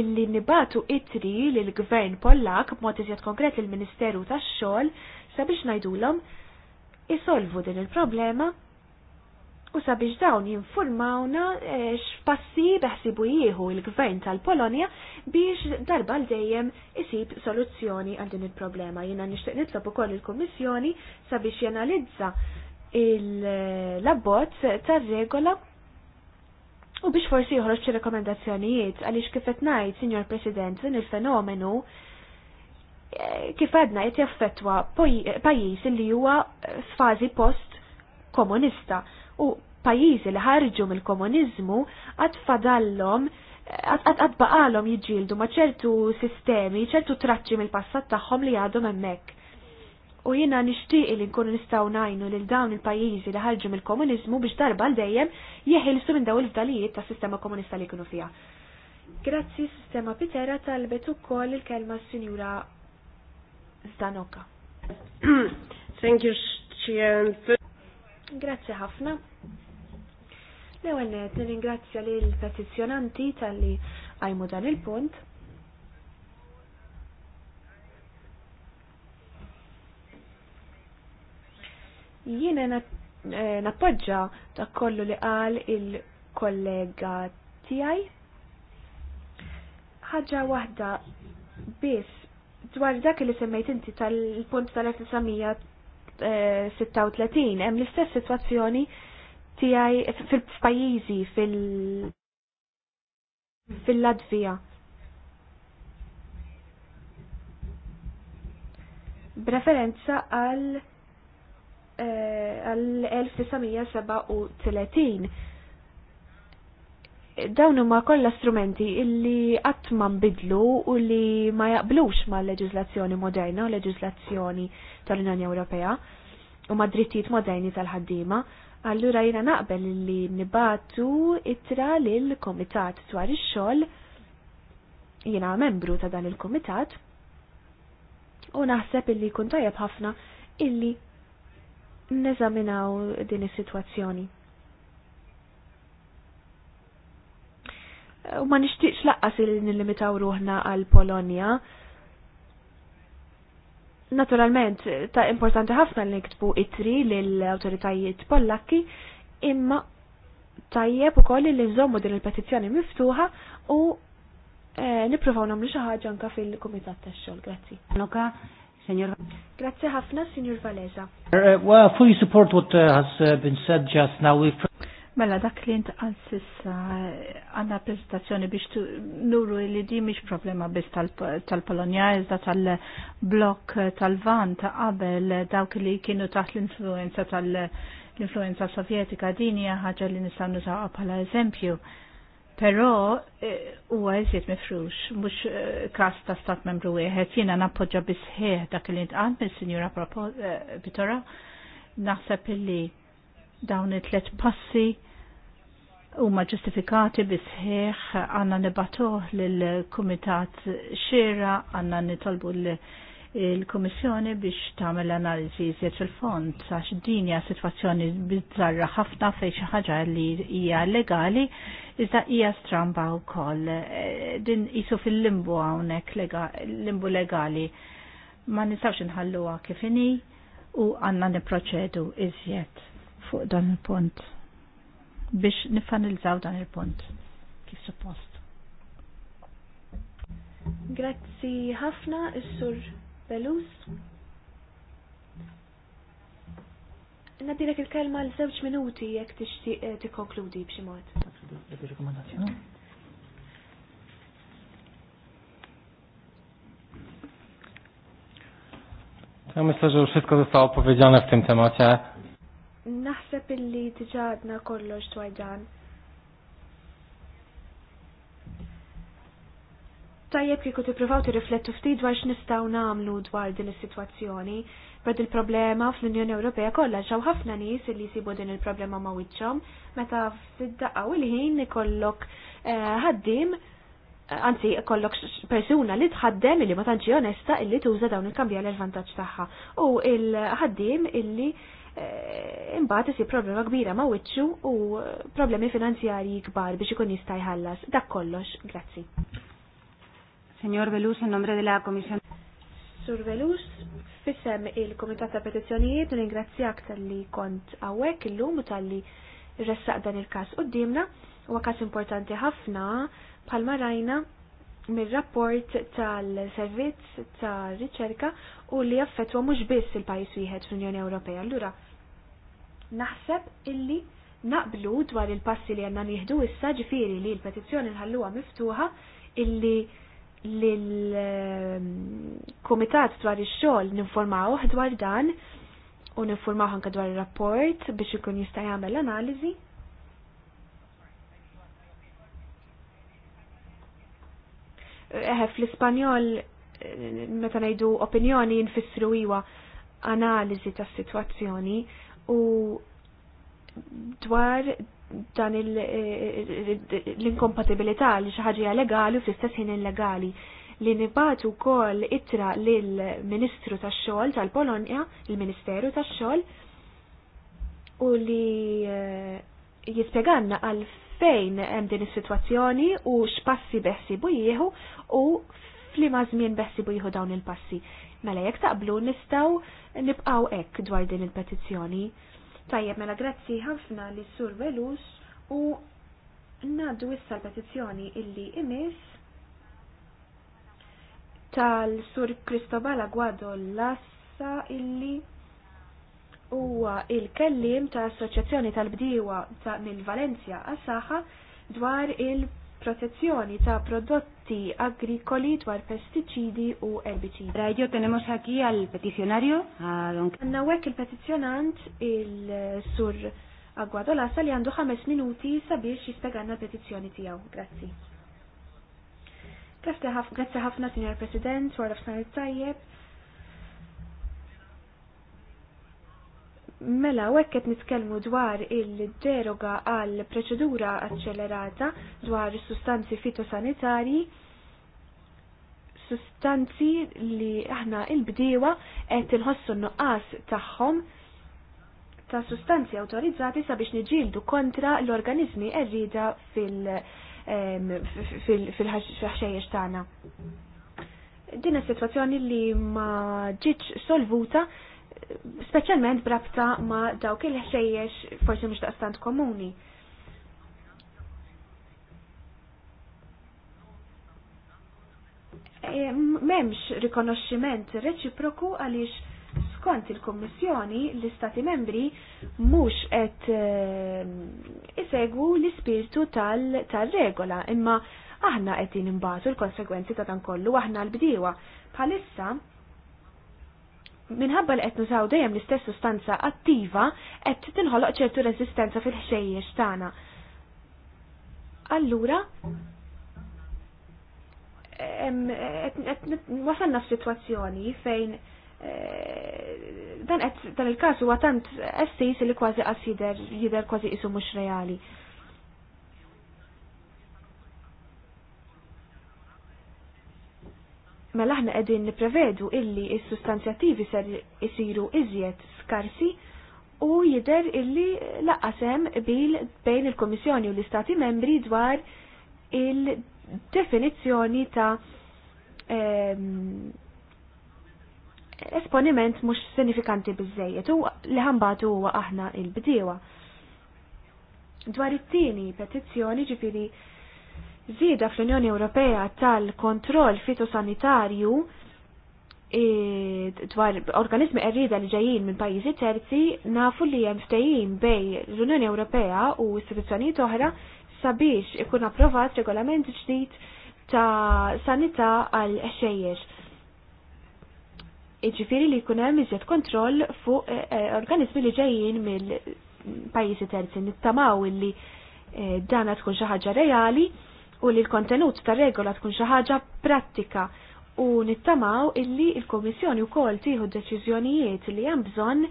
illi nibatu itri lill gvern Pollak b'mod iżjed konkret lill ministeru tax-xogħol sabiex ngħidulhom isolvu din il-problema u sabiex dawn jinformawna eh, x'passi beħsibu jieħu il-gvern tal-Polonja biex darba l dejjem isib soluzzjoni għal din il-problema. Jiena nixtieq nitlob ukoll il-Kummissjoni sabiex jenalizza l-abbozz tar-regola u biex forsi joħroġ xi rekomendazzjonijiet għaliex kif qed ngħid, Sinjor President, din il-fenomenu eh, kif għadna qed jaffettwa pajjiż li huwa f'fażi post komunista u pajjiżi li ħarġu mill-komuniżmu għad fadallom għad baqalhom jiġġieldu ma' ċertu sistemi, ċertu traċċi mill-passat tagħhom li għadhom hemmhekk. U jiena nixtieq li nkunu nistgħu ngħinu lil dawn il-pajjiżi li ħarġu mill-komuniżmu biex darba l dejjem jeħilsu minn dawn il-fdalijiet tas-sistema komunista li kienu fiha. Grazzi sistema Pitera talbet ukoll il-kelma s-Sinjura Zdanoka. [clears throat] Thank you, Grazzi ħafna. L-ewwel nett nirringrazzja petizjonanti petizzjonanti talli għajmu dan il-punt. Jiena eh, nappoġġa ta' kollu li qal il-kollega tiegħi. Ħaġa waħda biss dwar dak li semmejt inti tal-punt tal-1900 36 hemm l-istess sitwazzjoni tiegħi fil-pajjiżi fil fil-Latvija. B'referenza għal eh, għal 1937 dawn huma kollha strumenti illi qatt ma nbidlu u li ma jaqblux ma' leġiżlazzjoni moderna u leġiżlazzjoni tal-Unjoni Ewropea u ma' drittijiet moderni tal-ħaddiema, allura jiena naqbel li nibatu itra lil komitat dwar ix-xogħol jiena membru ta' dan il-komitat u naħseb illi kun tajjeb ħafna illi neżaminaw din is-sitwazzjoni. u ma nishtiqx laqqas li nillimitaw ruħna għal Polonja. Naturalment, ta' importanti ħafna li niktbu itri lill-awtoritajiet Pollakki, imma tajjeb ukoll li nżommu din il-petizzjoni miftuħa u eh, nippruvaw nagħmlu xi ħaġa fil-Kumitat tax-xogħol. Grazzi. Grazie Senjor. Grazzi ħafna, Uh, Valeza. Well, fully support what uh, has uh, been said just now. Mela dak li intqal sissa għandna prezentazzjoni biex nuru li di mhix problema biss tal polonia iżda tal-blok tal-Van ta' qabel dawk li kienu taħt l-influenza tal-influenza sovjetika din hija ħaġa li nistgħu nużawha bħala eżempju. Però eh, huwa għazjiet mifrux, mhux eh, każ ta' stat membru wieħed, jiena nappoġġa bisħieħ dak li intqal mill-Sinjura eh, Pitora naħseb illi dawn it-tlet passi huma ġustifikati bisħieħ għanna nibatuh lill-Kumitat Xira għanna nitolbu l-Komissjoni biex tagħmel analiżi iżjed fil-fond għax din hija sitwazzjoni bizzarra ħafna fejn xi ħaġa li hija legali iżda hija stramba wkoll. Din qisu fil-limbu hawnhekk limbu legali ma nistgħux inħalluha kif inhi u għandna niproċedu iżjed fuq dan il-punt biex nifanilżaw dan il-punt kif suppost. Grazzi ħafna is-sur Belus. Nadilek il-kelma l żewġ minuti jekk tixtieq eh, tikkonkludi b'xi mod. Ja myślę, że już wszystko zostało powiedziane w tym temacie. Naħseb illi diġadna kollox twajdan. Tajjeb kieku tippruvaw tirriflettu ftit dwar x'nistgħu nagħmlu dwar din is-sitwazzjoni. Bad il-problema fl-Unjoni Ewropea kollha ġew ħafna nies illi jsibu din il-problema ma' wiċċhom meta f'siddaqa u l-ħin ikollok eh, ħaddim eh, anzi kollok persuna li tħaddem illi ma tantx onesta illi tuża dawn il-kambja l-vantaġġ tagħha u il-ħaddim illi Eh, imbagħad isi problema kbira ma' wiċċu u eh, problemi finanzjarji kbar biex ikun jista' jħallas. Dak kollox, grazzi. Senjor Velus, in nombre della Commissione. Sur Velus, fissem il-Komitat ta' Petizzjonijiet, ringrazzjak tal-li kont għawek il-lum u tal-li ressaq dan il-kas u d-dimna, u għakas importanti ħafna palma rajna mir-rapport tal-servizz ta' riċerka u li jaffetwa mhux biss il-pajis wieħed fl-Unjoni Ewropea. Allura, Naħseb illi naqblu dwar il-passi li għanna nieħdu issa ġifiri li l-petizzjoni nħalluha miftuħa illi l-komitat dwar ix-xogħol ninformawh dwar dan u ninformawh anke dwar ir-rapport biex ikun jista' jagħmel analiżi. Eħe fl-Ispanjol meta ngħidu opinjoni nfissru iwa analiżi tas-sitwazzjoni u dwar dan eh, l-inkompatibilità li xi ħaġa legali u fl-istess ħin illegali li nibatu kol itra lill-Ministru tax-xogħol tal-Polonja, il-Ministeru tax-xogħol u li eh, jispjeganna għal fejn hemm din is-sitwazzjoni u x'passi beħsibu jieħu u flima żmien beħsibu jieħu dawn il-passi. Mela jekk taqblu nistaw nibqaw hekk dwar din il-petizzjoni. Tajjeb mela grazzi ħafna li sur Velus u naddu issa l-petizzjoni illi imis tal-sur Cristobal Aguado Lassa illi huwa il-kellim ta' Assoċjazzjoni tal-Bdiewa ta' mill-Valencia għas-Saħħa dwar il-protezzjoni ta' prodotti prodotti agricoli dwar pestiċidi u erbicidi. Radio tenemos aquí al peticionario, a don... il-petizjonant il-sur Agwadola li għandu ħames minuti sabiex jispegħanna l-petizjoni tijaw. Grazzi. Grazzi ħafna, Signor President, wara f'san tajjeb Mela, wekket nitkellmu dwar il-deroga għal proċedura accelerata dwar sustanzi fitosanitari, sustanzi li aħna il-bdiewa qed inħossu n-nuqqas tagħhom ta' sustanzi autorizzati sabiex niġildu kontra l-organizmi errida fil-ħxejjex tagħna. Din is-sitwazzjoni li ma ġietx solvuta speċjalment brabta ma dawk il-ħxejjex forsi mhux daqstant komuni. E, Memx rikonoxximent reċiproku għaliex skont il-Kommissjoni l-Istati membri mhux qed e, isegwu l-ispirtu tal-regola imma aħna qed inbatu l-konsegwenzi ta' dan kollu aħna l-bdiewa. Bħalissa minħabba li qed nużaw dejjem l-istess sustanza attiva qed tinħoloq ċertu reżistenza fil-ħxejjex tagħna. Allura qed wasalna f'sitwazzjoni fejn eh, dan dan il-każ huwa tant jisi li kważi qas jidher jidher kważi isu mhux reali. Mela aħna qegħdin nipprevedu illi s-sustanzjattivi ser isiru iżjed skarsi u jidher illi hemm bil bejn il kummissjoni u l-Istati membri dwar il-definizzjoni ta' ehm, esponiment mhux sinifikanti biżejjed u li ħambatu huwa aħna il-bdiewa. Dwar it-tieni petizzjoni ġifieri Zida fl-Unjoni Ewropea tal-kontroll fitosanitarju e, dwar organismi errida li ġejjin minn pajjiżi terzi nafu li hemm ftehim bej l-Unjoni Ewropea u istituzzjonijiet oħra sabiex ikun approvat regolament ġdid ta' sanità għal xejjex. Iġifieri li jkun hemm iżjed kontroll fuq e, e, organismi li ġejjin mill pajjiżi terzi nittamaw illi dana tkun xi ħaġa reali u li l-kontenut ta' regola tkun xi ħaġa prattika u nittamaw illi il-Komissjoni wkoll tieħu deċiżjonijiet li hemm bżonn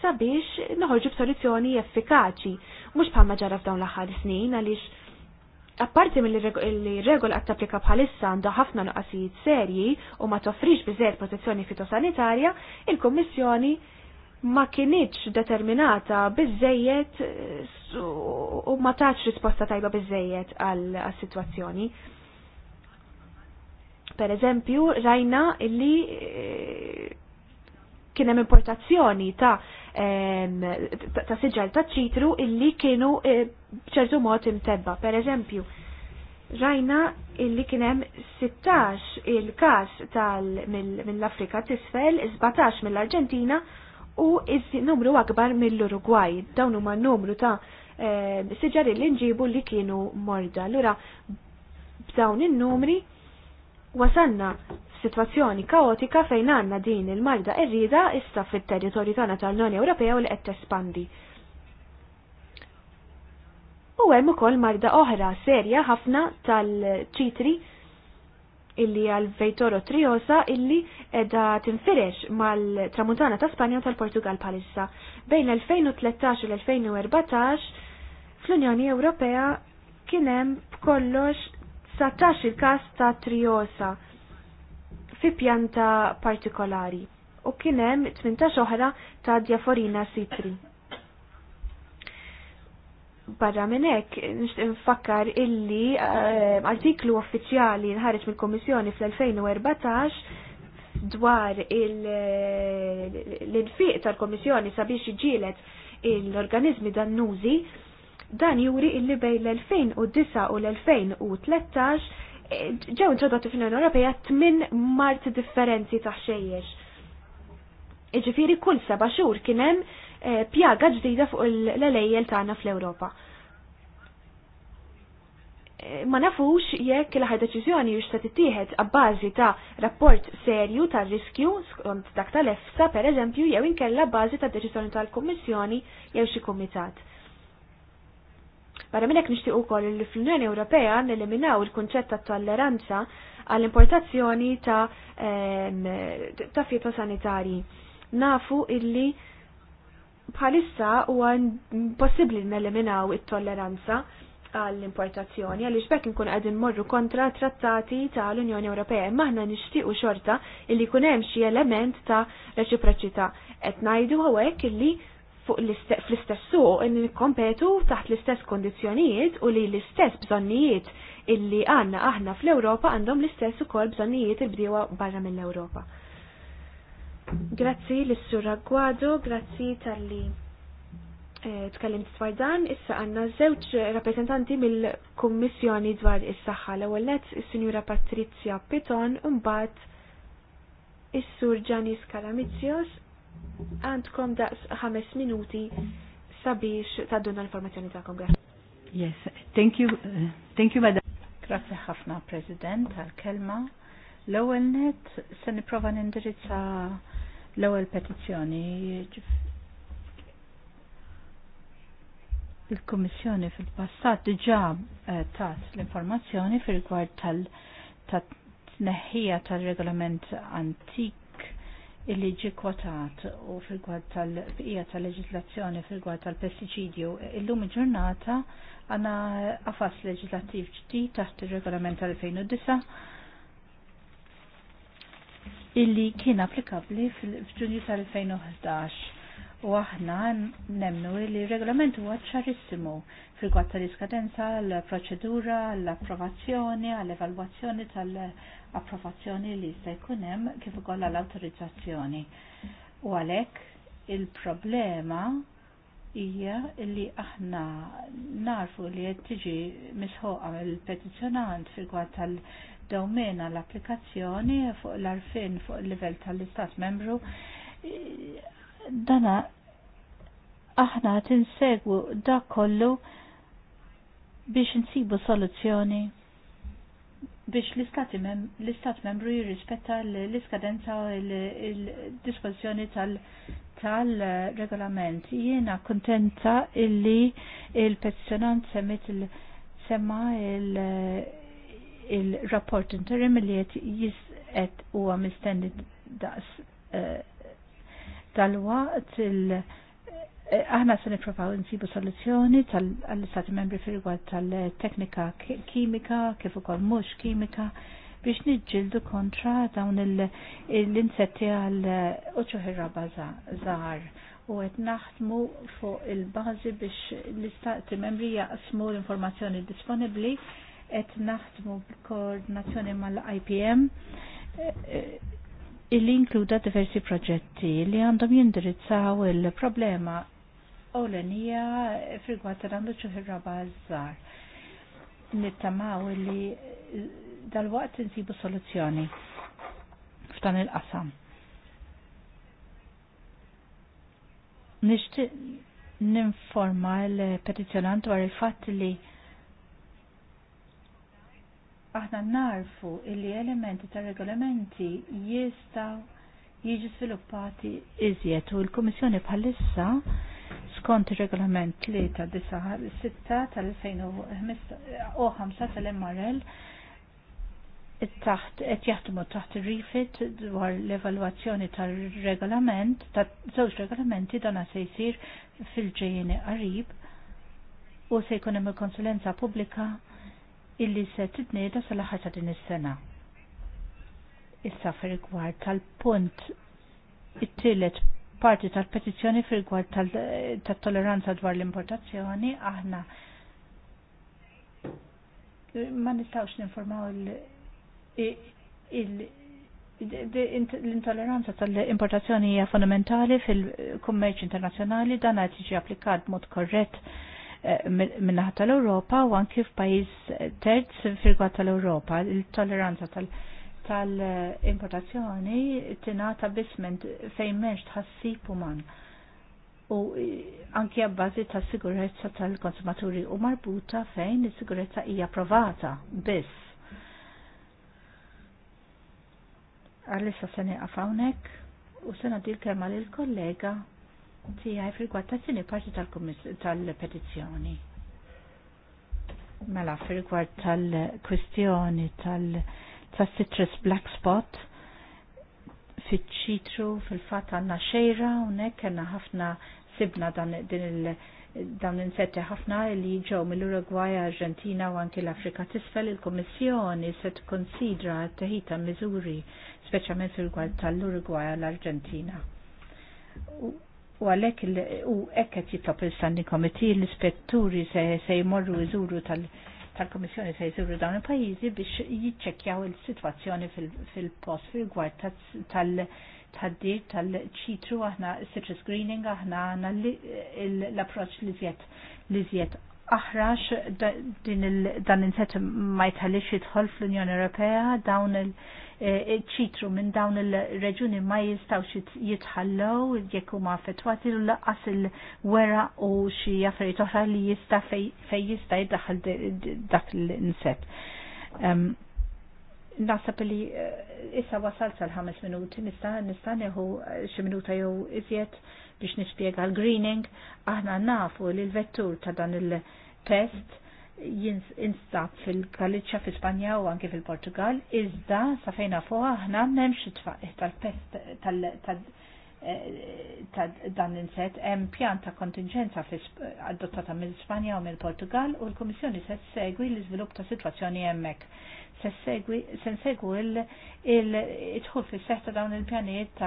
sabiex noħorġu b'soluzzjoni effikaċi, mhux bħalma ġara f'dawn l-aħħar snin għaliex apparti mill-regola qed tapplika bħalissa għandha ħafna nuqqasijiet serji u ma toffrix biżejjed protezzjoni fitosanitarja, il-Kummissjoni ma kienieċ determinata bizzejiet eh, u ma taċ risposta tajba bizzejiet għal-situazzjoni. Per eżempju, rajna illi eh, kienem importazzjoni ta' ta' siġal ta' ċitru illi kienu eh, bċertu mod imtebba. Per eżempju, rajna illi kienem 16 il-kas tal mill-Afrika tisfel, 17 mill-Arġentina, u numru akbar mill-Uruguay. Dawn huma numru ta' eh, siġari li nġibu li kienu morda. Lura b'dawn in-numri wasanna situazzjoni kaotika fejn għandna din il-marda irrida issa fit-territorju tagħna tal-Unjoni Ewropea u li qed tespandi. U hemm ukoll marda oħra serja ħafna tal-ċitri illi għal Vejtoro Triosa illi edha tinfirex mal-Tramuntana ta' Spanja u tal-Portugal palissa. Bejn l-2013 u l-2014 fl-Unjoni Ewropea kienem kollox 17 il-kas ta' Triosa fi pjanta partikolari u kienem 18 oħra ta' Diaforina Citri. Barra minnek, nishtiq infakkar illi eh, artiklu uffiċjali nħareġ mill-Kommissjoni fl-2014 dwar l-infiq tal komissjoni sabiex iġielet l-organizmi dannużi dan juri illi bej l-2009 u l-2013 eh, ġew introdotti fl-Unjoni Ewropea tmin mart differenzi ta' xejjex. Iġifieri kull seba' xhur kien hemm Eh, pjaga ġdida fuq l-lejjel tagħna fl-Ewropa. Eh, ma nafux jekk l-ħaj deċiżjoni jux se tittieħed għabbażi ta' rapport serju ta' riskju skont dak tal-EFSA per eżempju jew inkella bażi ta' deċiżjoni tal-Kummissjoni jew xi kumitat. Barra minn hekk nixtieq ukoll li fl-Unjoni Ewropea neliminaw il-kunċett ta' tolleranza għall-importazzjoni ta' ta' fitosanitarji. Nafu illi bħalissa huwa possibbli neliminaw it-tolleranza għall-importazzjoni għaliex bekk nkun qegħdin morru kontra trattati tal-Unjoni Ewropea imma aħna nixtiequ xorta illi jkun hemm xi element ta' reċiproċità qed ngħidu hawnhekk illi fl-istess suq nikkompetu taħt l-istess kondizzjonijiet u li l-istess bżonnijiet illi għandna aħna fl-Ewropa għandhom l-istess ukoll bżonnijiet il-bdiewa barra mill-Ewropa. Grazzi l-Sur Gwado, grazzi tal-li eh, tkellimt dwar dan, issa għanna żewġ rappresentanti mill-Kummissjoni dwar is-saħħa l-ewwel nett is-Sinjura Patrizja Piton u mbagħad is-Sur Ġanis Kalamizios għandkom daqs ħames minuti sabiex tadduna l-informazzjoni tagħkom. Yes, thank you, eh, thank you madam. Grazie ħafna President għal-kelma. L-ewwel net se nipprova nindirizza L-ewwel petizzjoni il-Kummissjoni fil-passat diġà eh, tat l-informazzjoni fil-rigward tal-tneħħija tal-regolament antik illi ġi kwotat u fil-gwad tal-bqija tal-leġislazzjoni fil-gwad tal-pesticidju. Illum ġurnata għana għafas leġislattiv ġdid taħt il-regolament tal-2009 illi kien applikabli f'Ġunju tal-2011. U aħna nemnu li regolament huwa ċarissimu fil-gwatt tal-iskadenza l-proċedura, l-approvazzjoni, għall-evalwazzjoni tal-approvazzjoni li se jkun hemm kif ukoll l-awtorizzazzjoni. U għalhekk il-problema hija li aħna narfu li qed tiġi misħoqa il petizzjonant fil-gwatt tal-, -tal id-domena l-applikazzjoni fuq l-arfin fuq il-livell tal-istat membru dana aħna tinsegwu da kollu biex nsibu soluzzjoni biex l-istat mem membru jirrispetta l-iskadenza u l disposizjoni tal-regolament. Jiena kontenta illi il-petizjonant semmit il-semma il-, -semma il il il-rapport interim li jett jisqet u mistenni daqs tal-waqt eh, il- eh, Aħna se niprofaw nsibu soluzzjoni tal-istati membri fil tal-teknika kimika, kif ukoll mhux kimika, biex niġġildu kontra dawn l-insetti għal uċuħirra baza zaħar u għet naħdmu fuq il-bazi biex l-istati membri jaqsmu l-informazzjoni disponibli qed naħdmu b'koordinazzjoni mal-IPM eh, eh, illi inkluda diversi proġetti li għandhom jindirizzaw il-problema u l-enija frigwat għandu ċuħi raba żgħar. Nittamaw li eh, dal-waqt insibu soluzzjoni f'dan il-qasam. Nixtieq ninforma l-petizjonant dwar il-fatt li aħna narfu illi elementi ta' regolamenti jistaw jiġi sviluppati iżjed u l kummissjoni bħalissa skont il-regolament li ta' 396 tal-2005 tal-MRL taħt qed jaħdmu taħt rifit dwar l-evalwazzjoni tar-regolament ta' żewġ regolamenti dan se jsir fil-ġejjeni qarib u se jkun hemm il-konsulenza pubblika illi se titnejda sal ta' din is-sena. Issa fir-rigward tal-punt it-tielet parti tal-petizzjoni fir-rigward tal toleranza dwar l-importazzjoni aħna ma nistgħux ninformaw il l-intolleranza tal-importazzjoni hija fondamentali fil-kummerċ internazzjonali dan qed jiġi applikat b'mod korrett Eh, minnaħa tal-Europa u anki f'pajjiż eh, terz firgwa tal-Europa. Il-tolleranza tal-importazzjoni tingħata bisment fejn m'hemmx tħassib uman u eh, anki għabbazi ta' sigurezza tal-konsumaturi u marbuta fejn is-sigurezza hija provata biss. Għalissa se neqaf hawnhekk u se nagħti l lill kollega tiegħi fil-gwatt ta' sini parti tal-petizzjoni. Mela fil-gwad tal-kwistjoni tal-citrus black spot fiċ-ċitru fil-fat għanna xejra unek għanna ħafna sibna dan il- dawn l-insetti ħafna li ġew mill-Uruguay, Arġentina u anki l-Afrika tisfel il-Kommissjoni se tkonsidra t-teħita miżuri speċjalment fil-gwad tal-Uruguay għall arġentina u għalek u ekket jitop il-standing committee l-ispetturi se jmorru iżuru tal-komissjoni se jżuru dawn il-pajizi biex jitċekjaw il-situazzjoni fil-post fil-gwart tal-dir tal-ċitru aħna citrus greening aħna l-approċ li zjed aħrax dan il-set ma jitħallix jidħol fl-Unjoni Ewropea dawn il-ċitru eh, minn dawn il-reġuni ma xit jitħallow jekk huma affettwati l laqas il-wera u xi affarijiet oħra li jista' fej jista' jiddaħħal dak l-inset. Nasab li eh, issa wasal sal ħames minuti, nista' nista' neħu eh, xi minuta jew iżjed biex nispjega l-greening, aħna nafu li l-vettur ta' dan il- pest jinstab fil galicja fi Spanja u anki fil-Portugal, iżda safejna fejna ħna aħna m'hemmx tal-pest eh, tal dan l-inset hemm pjan ta' kontingenza adottata mill-Spanja u mill-Portugal u l-Kummissjoni se segwi l-iżvilupp ta' sitwazzjoni hemmhekk se segwu il-dħul fis seħta dawn il-pjanijiet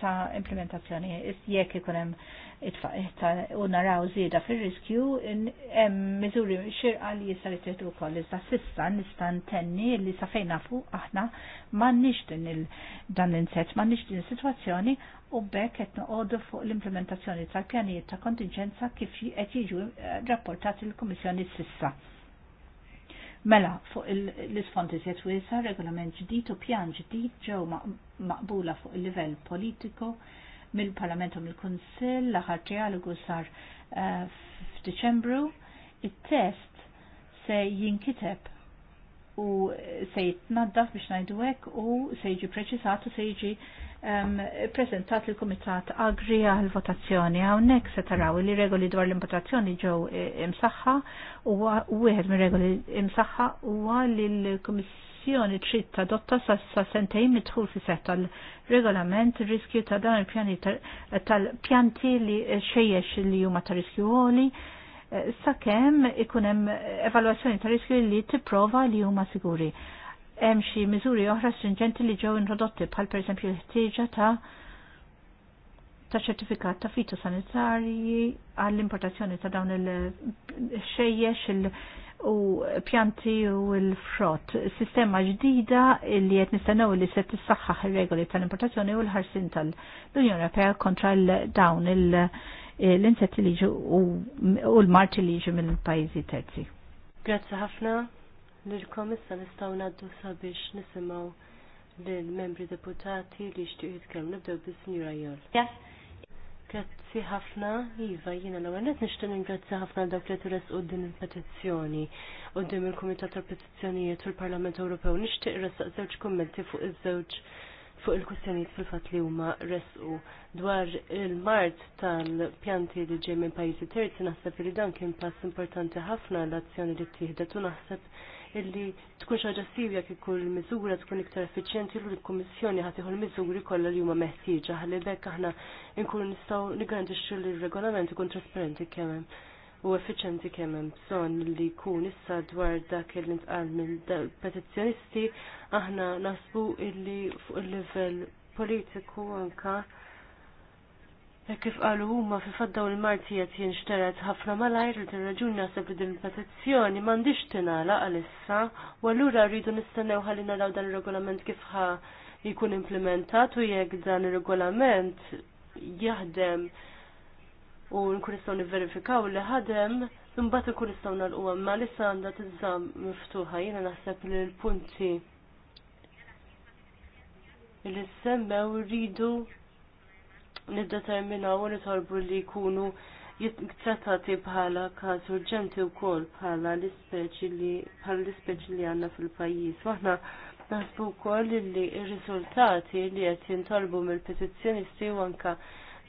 ta' implementazzjoni jekk ikun hemm it-faqih ta' u naraw żieda fir-riskju hemm miżuri xirqa li jista' jittieħdu wkoll iżda sissa nista' ntenni li sa fejn nafu aħna m'għandniex din dan l-inset m'għandniex din is-sitwazzjoni u bekk qed noqogħdu fuq l-implementazzjoni tal-pjanijiet ta' kontingenza kif qed jiġu eh, rapportati l-Kummissjoni sissa Mela, fuq l-isfondi set wisa, regolament ġdid u pjan ġdid ġew maqbula fuq il-livell politiku mill-Parlament u mill-Kunsill, l-aħħar trialogu sar eh, f'Diċembru. It-test se jinkiteb u eh, se jitnaddaf biex ngħidu hekk u se jiġi preċisat u se jiġi uh, um, prezentat il-Komitat Agri għal votazzjoni hawnhekk se taraw li regoli dwar l imputazzjoni ġew e, imsaħħa u wieħed minn regoli imsaħħa huwa li l-Kummissjoni trid tadotta sa, sa sentejn midħul fi set tal-regolament riskju ta' dan il-pjani tal-pjanti li xejjex li huma ta' riskju għoli e, sakemm ikun hemm evalwazzjoni ta' riskju li tipprova li huma siguri hemm xi miżuri oħra stringenti li ġew introdotti bħal pereżempju l-ħtieġa ta' ta' ċertifikat ta' fitosanitarji għall-importazzjoni ta' dawn il-xejjex u pjanti u l-frott. Sistema ġdida li qed nistennew li se tissaħħaħ ir-regoli tal-importazzjoni u l-ħarsin tal-Unjoni Ewropea kontra dawn l-insetti li u l-marti li jiġu mill-pajjiżi terzi. Grazzi ħafna nil issa nistaw naddu sabiex nisimaw l-membri deputati li xtiq jitkellmu nibdew bis-Sinjura Jol. Grazzi ħafna, Iva, jina l-ewwel nishtu nixtieq ningrazzja ħafna dawk li tresqu din il-petizzjoni din il-Kumitat tal-Petizzjonijiet fil-Parlament Ewropew nixtieq irressaq żewġ kummenti fuq iż-żewġ fuq il kustjoniet fil-fatt li huma resqu dwar il-mart tal-pjanti li ġej minn pajjiżi terzi naħseb li dan kien pass importanti ħafna l-azzjoni li ttieħdet u naħseb illi tkun xaġa sirja kif il miżura tkun iktar effiċjenti u l-Kummissjoni ħadd l miżuri kollha li huma meħtieġa ħalli bekk aħna nkunu nistgħu nigarantixxu li r-regolament ikun trasparenti kemm hemm u effiċjenti kemm hemm bżonn li jkun issa dwar dak li ntqal mill petizzjonisti aħna nasbu illi fuq il-livell politiku anka E kif qalu huma fi faddaw il-marti jinxteret ħafna malajr li raġun naħseb li din il-petizzjoni m'għandix tingħalaq għalissa u allura rridu nistennew ħalli naraw dan ir-regolament kif ħa jkun implementat u jekk dan ir-regolament jaħdem u nkun nistgħu nivverifikaw li ħadem imbagħad ikun nistgħu nagħlqu imma issa għandha tiżżamm miftuħa jiena naħseb li l-punti li semmew rridu niddeterminaw u nitolbu li jkunu jittrattati bħala każ urġenti wkoll bħala l-ispeċi li bħala l-ispeċi li għandna fil-pajjiż. Waħna naħsbu wkoll li r-riżultati li qed jintolbu mill-petizzjonisti u anke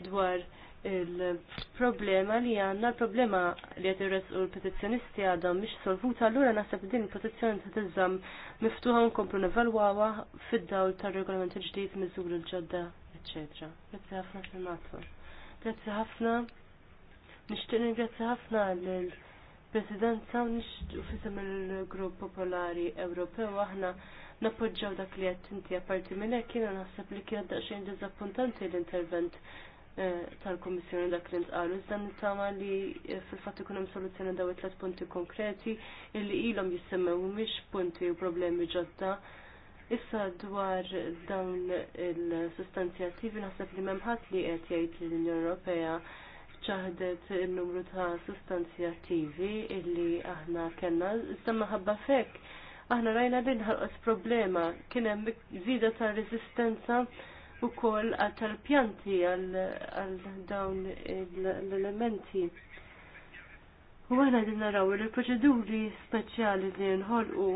dwar il-problema li għanna, il-problema li għed u l-petizjonisti għadhom miex solvuta, allura naħseb din il-petizjoni ta' t-izzam miftuħa nkomplu nevalwawa fid-dawl tar regolamenti ġdijt mizzur il-ġodda eccetera. Grazzi ħafna fil-matur. Grazzi ħafna. Nishtiq ringrazzi ħafna l-Presidenza u fisem il-Grupp Popolari Ewropew aħna nappoġġaw dak li qed inti apparti minn hekk jiena naħseb li kien daqsxejn diżappuntanti l-intervent eh, tal-Komissjoni dak li ntqalu. Iżda nittama li eh, fil-fatt ikun hemm soluzzjoni daw tliet punti konkreti illi ilhom jissemmew mhix punti u problemi ġodda Issa dwar dawn il-sustanzi attivi naħseb li memħat li qed jgħid li l-Unjoni Ewropea ċaħdet il-numru ta' sustanzi attivi illi aħna kellna. Issa ħabba fek, aħna rajna li nħarqos problema kien hemm żida ta' resistenza wkoll tal-pjanti għal dawn l-elementi. U għana din naraw li l-proċeduri speċjali li nħolqu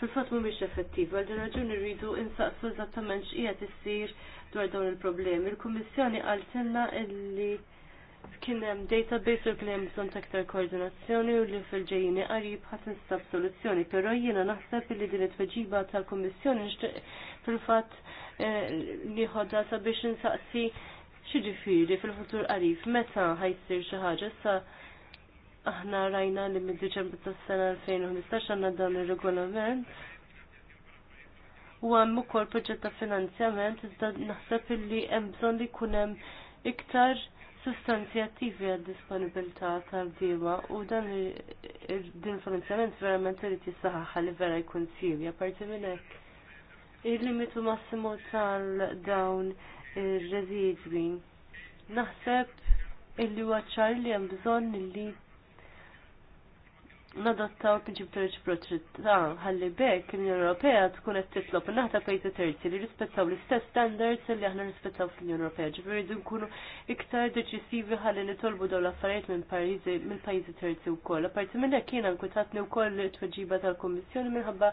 fil-fatt mhumiex effettiv, għal din raġuni rridu insaqsu eżattament x'qiegħed issir dwar dawn il-problemi. Il-Kummissjoni għaltilna illi kien hemm database u kien hemm bżonn aktar koordinazzjoni u li fil-ġejjini qarib ħadd nistab soluzzjoni, però jiena naħseb li din it-tweġiba tal-Kummissjoni nixtieq fil-fatt eh, li ħodda sabiex insaqsi xiġifieri fil-futur qarib meta ħajsir xi ħaġa sa' aħna rajna li mid deċembru tas-sena 2015 għandna dan ir-regolament. U hemm ukoll proġett ta' finanzjament iżda naħseb illi hemm bżonn li jkun hemm iktar sustanzi attivi għad disponibilità tal-bima u dan din finanzjament verament irid jissaħħa li vera jkun sirja parti minn hekk. Il-limitu massimu tal-dawn ir-residwi. Naħseb illi huwa ċar li hemm bżonn li nadottaw il-prinċip ta' reċiproċità ħalli bekk l-Unjoni Ewropea tkun qed titlob in-naħta pejti terzi li rispettaw l-istess standards li aħna rispettaw fl-Unjoni Ewropea. Ġifieri rridu nkunu iktar deċisivi ħalli nitolbu dawn l-affarijiet minn pajjiżi mill pajjiżi terzi wkoll. Apparti minn hekk jiena nkutatni wkoll it-tweġiba tal-Kummissjoni minħabba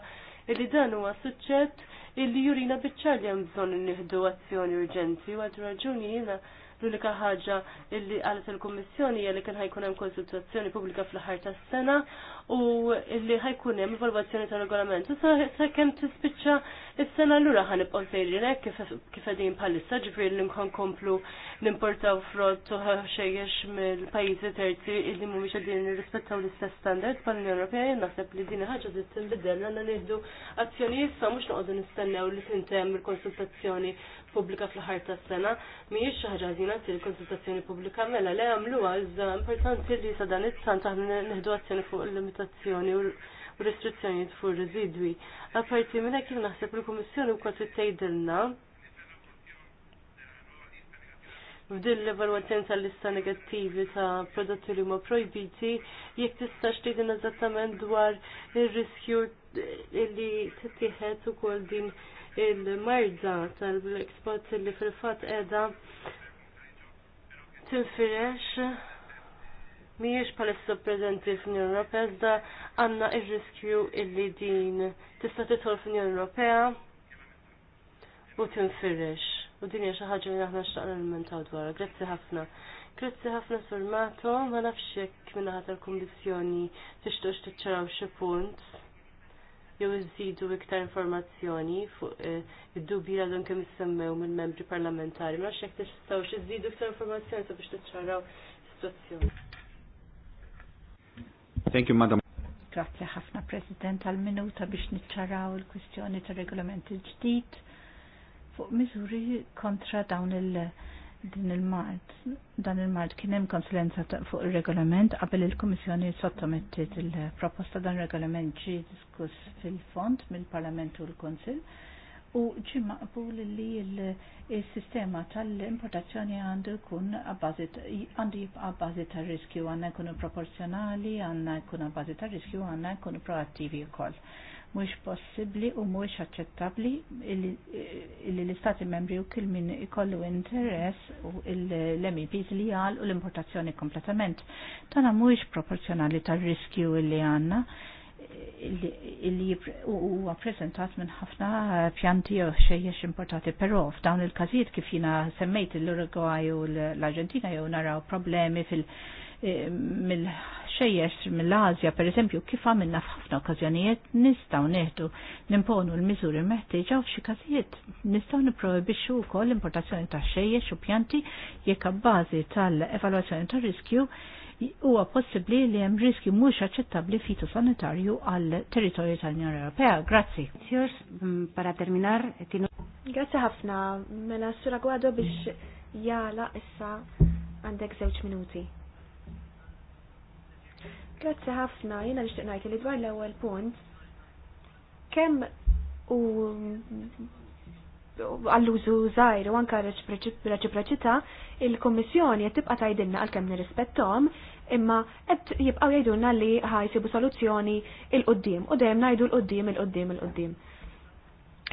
li dan huwa suċċett illi jurina biċċar li hemm bżonn nieħdu azzjoni urġenti u għad raġuni jiena l-unika ħaġa illi qalet il-Kummissjoni hija li kien ħajkun hemm konsultazzjoni pubblika fl-aħħar tas-sena u li ħajkun hemm evalwazzjoni ta' regolament. U sa' kemm tispiċċa is-sena lura ħanibqgħu sejrin hekk kif qegħdin bħalissa ġifieri li nkun komplu nimportaw frott u xejjex mill-pajjiżi terzi li mhumiex qegħdin nirrispettaw l-istess standard bħall-Unjoni Ewropea jien naħseb li din ħaġa trid tinbidel għandna nieħdu azzjonijiet sa mhux noqogħdu nistennew li tintemm il-konsultazzjoni pubblika fl-ħar tas-sena mhijiex xi ħaġa t konsultazzjoni pubblika mela li għamlu iżda importanti li sa dan it-tant aħna nieħdu fuq il-limitazzjoni u restrizzjonijiet fuq residwi. Apparti minn hekk naħseb il-Kummissjoni wkoll t tgħidilna f'din l-evalwazzjoni tal-lista negattivi ta' prodotti li huma projbiti, jekk tistax tgħidin eżattament dwar ir-riskju li tittieħed ukoll din il-marda tal-Black Spot li fil-fat edha tinfirex miex palissa prezenti f'Unjoni Ewropea, iżda għandna ir-riskju illi din tista' titħol f'Unjoni Ewropea u tinfirex. U din hija xi ħaġa li aħna xtaqna nmentaw dwar. Grazzi ħafna. Grazzi ħafna Sormato, ma nafx jekk minnaħat tal kundizzjoni tixtuq tiċċaraw xi punt jew iżidu iktar informazzjoni fuq eh, id-dubi għadhom kemm issemmew mill-membri parlamentari. Ma xek tistgħu iżidu iktar informazzjoni sabiex tiċċaraw is-sitwazzjoni. Thank you, Madam. Grazie ħafna President għal minuta biex niċċaraw il-kwistjoni tar regolament il-ġdid fuq miżuri kontra dawn il- din il-mart, dan il-mart kien hemm konsulenza fuq ir-regolament qabel il-Kummissjoni sottomettiet il-proposta dan regolament ġie diskuss fil-fond mill-Parlament u l-Kunsill u ġi maqbul li il-sistema tal-importazzjoni għandu jkun għandu jibqa' bażi tar-riskju għandna jkunu proporzjonali, għandna jkunu bażi tar-riskju għandna jkunu proattivi wkoll mhux possibbli u mhux aċċettabbli li l-Istati membri u kull min ikollu interess u l-MEPs li għal u l-importazzjoni kompletament. Tana mhux proporzjonali tal-riskju li għandna illi huwa prezentat minn ħafna pjanti jew xejjex importati, però f'dawn il-każijiet kif jina semmejt l-Uruguay u l-Arġentina jew naraw problemi fil- mill-xejjex mill-Azja, per eżempju, kif għamilna f'ħafna okkażjonijiet nistgħu neħdu nimponu l-miżuri meħtieġa u f'xi każijiet nistgħu nipprojbixxu wkoll l-importazzjoni ta' xejjex u pjanti jekk abbażi tal-evalwazzjoni ta' riskju huwa possibbli li hemm riski mhux aċċettabbli fitosanitarju għal territorju tal-Unjoni Ewropea. Grazzi. Para terminar, Grazzi ħafna, mela sura għadu biex jala issa għandek żewġ minuti. Grazzi ħafna, jena nishtiq ngħid li dwar l-ewwel punt. Kemm u għall-użu zaħir u anke reċiproċità, il-Kummissjoni qed tibqa' tgħidilna għalkemm nirrispettom, imma qed jibqgħu jgħidulna li ħajsibu soluzzjoni il qudiem u dajem ngħidu l qoddim il qudiem il qudiem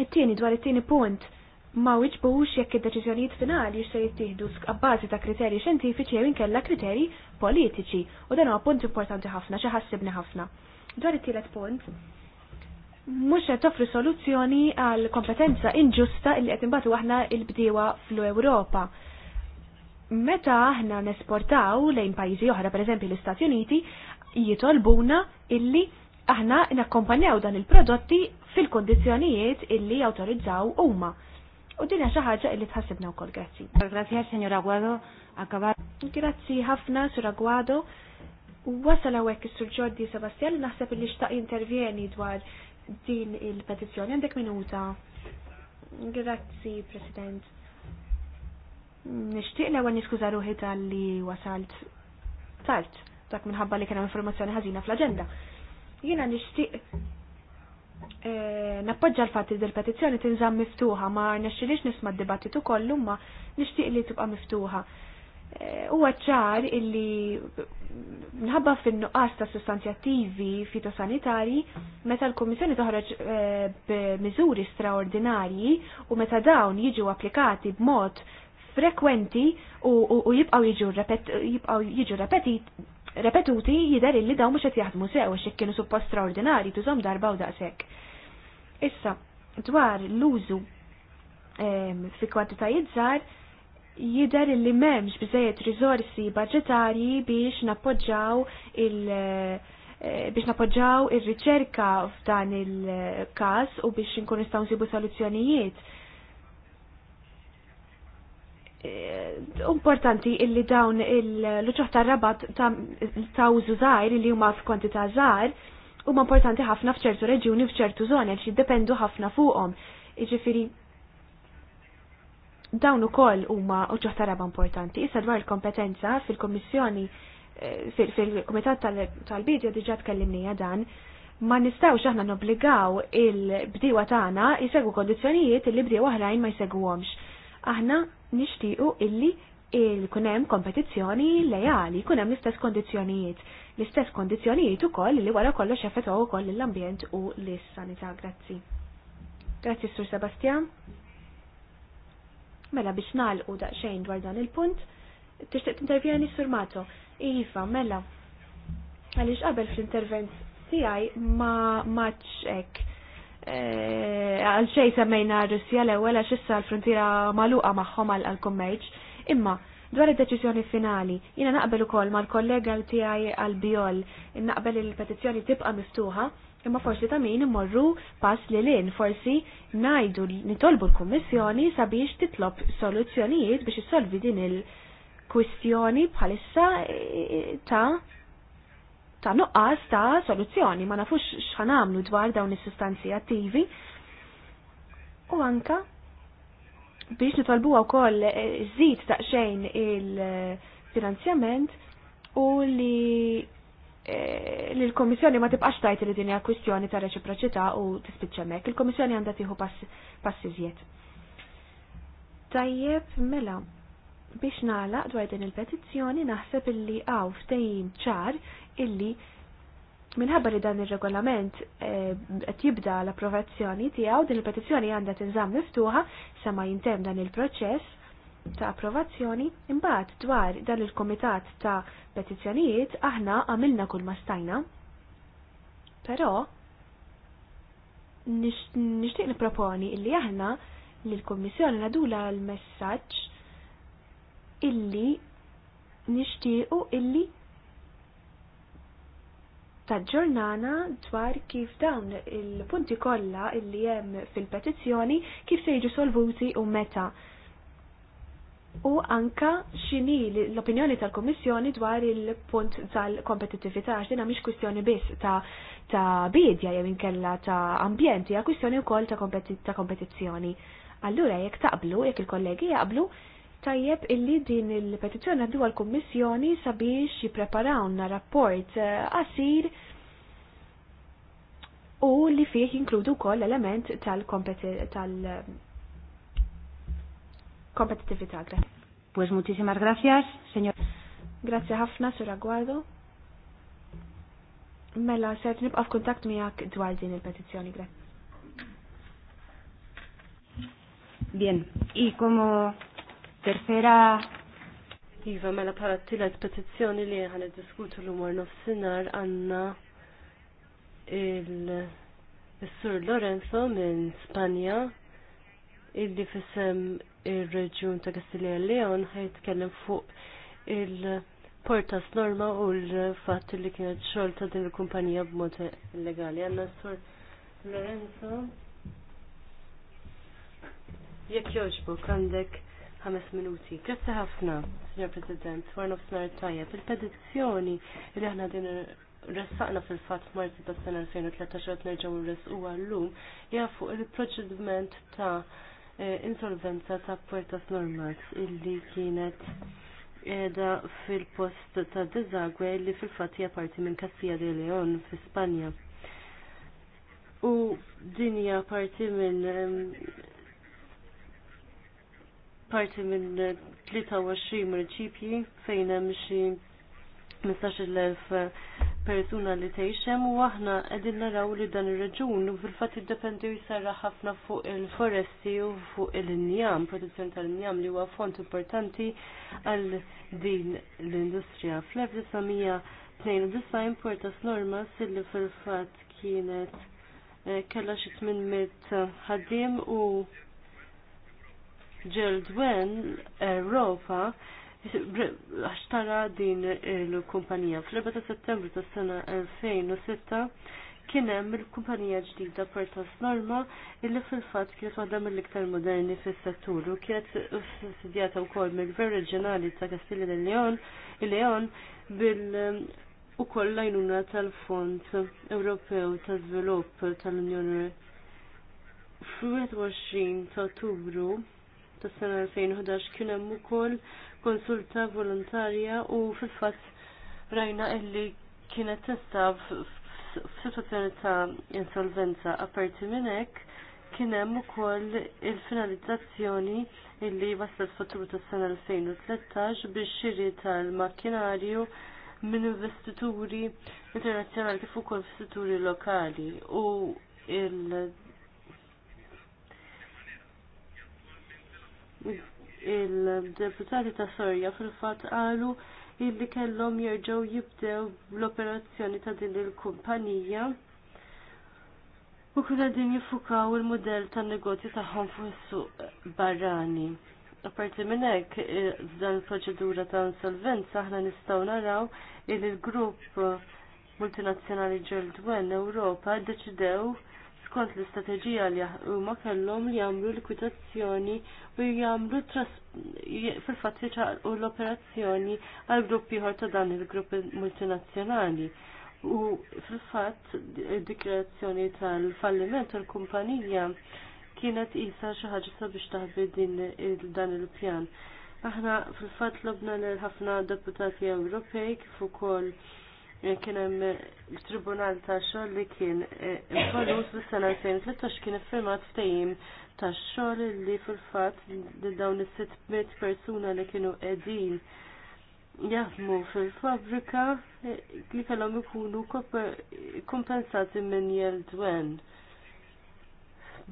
It-tieni dwar it-tieni punt ma wiġbux jekk id-deċiżjonijiet finali se jittieħdu skabbażi ta' kriterji xjentifiċi jew inkella kriterji politiċi u dan huwa punt importanti ħafna xi ħassibni ħafna. Dwar it-tielet punt, mhux qed toffri soluzzjoni għal kompetenza inġusta li qed imbagħtu aħna l-bdiewa fl-Ewropa. Meta aħna nesportaw lejn pajjiżi oħra, pereżempju l-Istati Uniti, jitolbuna illi aħna nakkompanjaw dan il-prodotti fil-kondizzjonijiet illi jawtorizzaw huma U dinja xi ħaġa li tħassibna wkoll grazzi. Grazzi Senjor Agwado, akabar. Grazzi ħafna Sur Agwado. Wasal hawnhekk is-Sur Ġordi Sebastian li naħseb li xtaq intervjeni dwar din il-petizzjoni għandek minuta. Grazzi, President. Nixtieq l-ewwel niskuża ruħi tal-li wasalt talt, dak minħabba li kien hemm informazzjoni ħażina fl-aġenda. Jiena nixtieq Eh, nappoġġa l fatti li l-petizzjoni tinżamm miftuħa ma rnexxilix nisma' d-dibattitu kollu ma nixtieq li tibqa' miftuħa. Eh, huwa ċar illi minħabba fin-nuqqas ta' sustanzjattivi fitosanitarji meta l-Kummissjoni toħroġ eh, b'miżuri straordinarji u meta dawn jiġu applikati b'mod frekwenti u jibqgħu jiġu repetit repetuti jider illi daw mux jaħdmu sew għax kienu suppost straordinari tużom darba u daqshekk. Issa, dwar l-użu ehm, fi kwantitajiet żgħar jider illi m'hemmx biżejjed riżorsi budġetarji biex nappoġġaw il- eh, biex napoġġaw ir-riċerka f'dan il-każ u biex inkunu nistgħu nsibu soluzzjonijiet importanti illi dawn l-uċuħ ta' rabat ta' użu zaħir li huma f'kwantità żgħar huma importanti ħafna f'ċertu reġjuni f'ċertu żoni għax jiddependu ħafna fuqhom. Jiġifieri dawn ukoll huma uċuħ ta' raba importanti. Issa dwar il-kompetenza fil-Kommissjoni eh, fil-Kumitat tal-Bidja diġà tkellimnija dan ma nistawx aħna nobbligaw il-bdiewa tagħna jsegwu kondizzjonijiet li bdiewa oħrajn ma jsegwhomx. Aħna nixtiequ illi il-kunem kompetizzjoni lejali, kunem l-istess kondizjonijiet. L-istess kondizjonijiet u koll li wara kollox jaffetaw u koll l-ambjent u l-sanità. Grazzi. Grazzi, Sur Sebastian. Mela biex u daqxejn dwar dan il-punt, tixtieq tintervjeni Sur Mato. Iva, mela. Għaliex qabel fl-intervent tiegħi ma maċċek Eh, għal xej semmejna r russija l-ewwel għax issa l-frontiera magħluqa magħhom għal kummerċ. Imma dwar id-deċiżjoni finali, jiena naqbel ukoll mal-kollega tiegħi għal Biol, naqbel il-petizzjoni tibqa' miftuħa, imma forsi ta' min immorru pass li lin, forsi najdu nitolbu l-Kummissjoni sabiex titlob soluzzjonijiet biex issolvi din il-kwistjoni bħalissa eh, ta' ta' nuqqas ta' soluzzjoni, ma nafux x'ħan għamlu dwar dawn is-sustanzi attivi. U anka biex nitolbu wkoll żid ta' xejn il-finanzjament u li e, li l-Komissjoni ma tibqax tajt li dinja kwistjoni ta' reċiproċità u tispiċċemek. Il-Komissjoni għandha tieħu passi Tajjeb, mela, biex nagħlaq dwar din il-petizzjoni naħseb illi għaw ftehim ċar illi minħabba li dan ir-regolament eh, qed jibda l-approvazzjoni tiegħu din il-petizzjoni għandha tinżamm miftuħa sa ma jintem dan il-proċess ta' approvazzjoni imbagħad dwar dan il-kumitat ta' petizzjonijiet aħna għamilna kull ma stajna. Però nixtieq nipproponi illi aħna li l-Kummissjoni nadula l-messaġġ illi nixtiequ illi taġġornana dwar kif dawn il-punti kollha illi hemm fil-petizzjoni kif se jiġu solvuti u meta. U anka xini l-opinjoni tal-Komissjoni dwar il-punt tal-kompetitività għax mhix kwistjoni biss ta' ta' bidja jew inkella ta' ambjent, hija kwistjoni wkoll ta' kompetizzjoni. Allura jekk taqblu, jekk il-kollegi jaqblu, Tajjeb illi din il-petizzjoni għaddu għal-Kommissjoni sabiex jipreparawna rapport eh, għasir u li fih jinkludu kol element tal-kompetitività. pues muchísimas gracias, señor. Grazie ħafna, Sura Guardo. Mela, sert nibqa' kontakt miegħek dwar din il-petizzjoni, grazie. Bien, i como Terfera. Iva, mela parati la petizzjoni li għan diskutu l-umor nofsinar għanna il-Sur Lorenzo minn Spanja illi fissem il-reġjun ta' Kastilja Leon kellem fuq il-Portas Norma u l-fatt li kienet xogħol ta' din il-kumpanija b'mod illegali. Għanna Sur Lorenzo. Jekk joġbu, għandek ħames minuti. Grazzi ħafna, Signor President, warna f'snar tajjeb. Il-petizzjoni li aħna din ressaqna fil-fat marti ta' sena 2013 għat nerġaw nresqu għallum jafu il-proċediment ta' eh, insolvenza ta' Puertas Normas illi kienet edha fil-post ta' Dezagwe li fil-fat hija parti minn Kassija de Leon fi Spanja. U dinja parti minn parti minn 23 mill-ċipji fejn hemm xi 15,000 persuna li tgħixhem u aħna qegħdin naraw li dan ir-reġun fil-fatt iddependi jsarra ħafna fuq il-foresti u fuq il-injam, produzzjoni tal-injam li huwa font importanti għal din l-industrija. Fl-1992 s normas silli fil-fatt kienet eh, kella xi 800 ħaddiem u Gerald Wen, Europa, eh, għax din il-kumpanija. Fl-4 ta' settembru ta' sena 2006 kien hemm il-kumpanija ġdida Portas Norma illi fil-fatt kienet waħda mill-iktar moderni fis-settur u kienet u wkoll mill-Gvern Reġjonali ta' Kastilli del Leon, il-Leon bil- u koll lajnuna tal-Fond Ewropew ta' Żvilupp tal-Unjoni. Fl-21 ta' Ottubru tas sena 2011 kien hemm ukoll konsulta volontarja u fil-fatt rajna illi kienet tista' f'sitwazzjoni ta' insolvenza. Apparti minn hekk kien hemm ukoll il-finalizzazzjoni illi waslet fattura tas sena 2013 biex xiri tal-makkinarju minn investituri internazzjonali kif ukoll f'stituri lokali u il il-deputati ta' Sorja fil-fat għalu illi kellhom jerġgħu jibdew l-operazzjoni ta' din il-kumpanija u kuna din jiffukaw il-modell tan negozju tagħhom fuq is-suq barrani. Apparti minn hekk eh, dan il-proċedura ta' insolvenza aħna nistgħu naraw il il-grupp multinazzjonali Ġeldwen Ewropa deċidew skont l-istrateġija li huma kellhom li jagħmlu likwidazzjoni u jagħmlu fil-fatt jiċaqlqu l-operazzjoni għal grupp ieħor ta' dan il-grupp multinazzjonali. U fil-fatt id-dikjerazzjoni tal-falliment tal-kumpanija kienet qisha xi ħaġa sabiex taħbi din dan il-pjan. Aħna fil-fatt lobna l ħafna deputati Ewropej kif ukoll Eh, kien hemm eh, il-Tribunal ta' xogħol li kien eh, involut fis-sena 2013 kien iffirmat ftehim ta' xogħol li fil-fatt li dawn is-600 persuna li kienu qegħdin jaħdmu fil-fabrika li kellhom ikunu kompensati minn jel dwen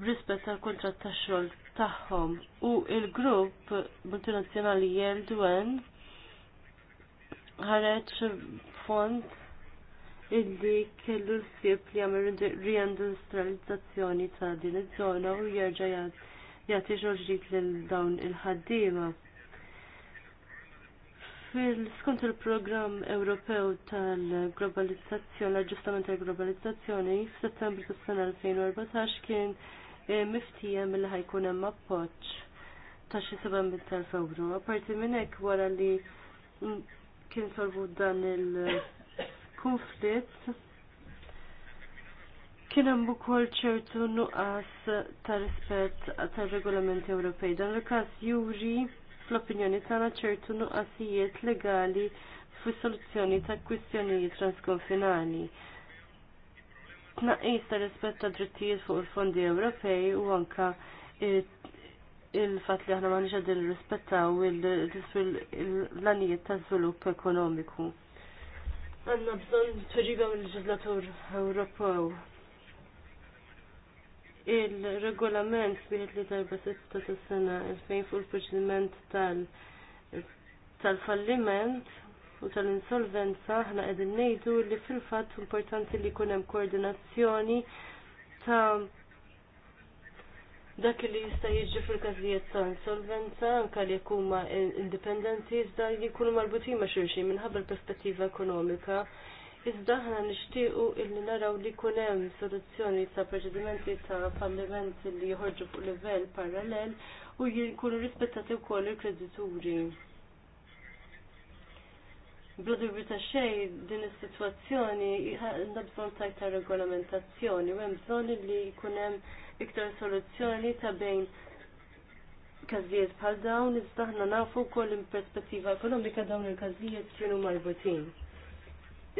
b'rispett tal kuntratt ta' xogħol tagħhom u l grupp multinazzjonali jel dwen ħareġ fond illi kellu l-sib li għamil riindustrializzazzjoni ta' din il żona u jerġa' jgħati ġorġit l dawn il-ħaddiema. Fil-skont il-programm Ewropew tal-globalizzazzjoni, l-aġġustament tal-globalizzazzjoni, f'Settembru tas-sena 2014 kien eh, miftijem li ħajkun hemm appoġġ ta' xi seba' euro. Apparti minn hekk wara li kien solvu dan il-konflitt. Kien hemm ukoll ċertu nuqqas ta' rispett tar-regolamenti Ewropej. Dan il-każ juri fl-opinjoni tagħna ċertu nuqqasijiet legali fis-soluzzjoni ta' kwistjonijiet transkonfinali tnaqqis ta' rispett ta' drittijiet fuq il-fondi Ewropej u anka il-fat li aħna ma rispetta u l-anijiet ta' żvilupp ekonomiku. Għanna bżon tweġiba mill-ġizlatur Ewropew. Il-regolament biħet li darba sitta ta' sena il-fejn fuq il-proċediment tal-falliment u tal-insolvenza aħna qegħdin ngħidu li fil-fatt importanti li jkun hemm koordinazzjoni ta' dak li jista' jiġi fil-każijiet ta' insolvenza anke li huma indipendenti iżda jkunu marbuti ma' xulxin minħabba l-perspettiva ekonomika. Iżda ħna nixtiequ illi naraw li jkun hemm soluzzjoni ta' proċedimenti ta' fallimenti li jħorġu fuq livell parallel u jkunu rispettati wkoll il-kredituri. Bladu bita ta' xej din is-sitwazzjoni għandha bżonn tajta regolamentazzjoni u hemm bżonn li jkun hemm iktar soluzzjoni ta' bejn każijiet bħal dawn iżda aħna nafu wkoll in perspettiva ekonomika dawn il-każijiet kienu marbutin.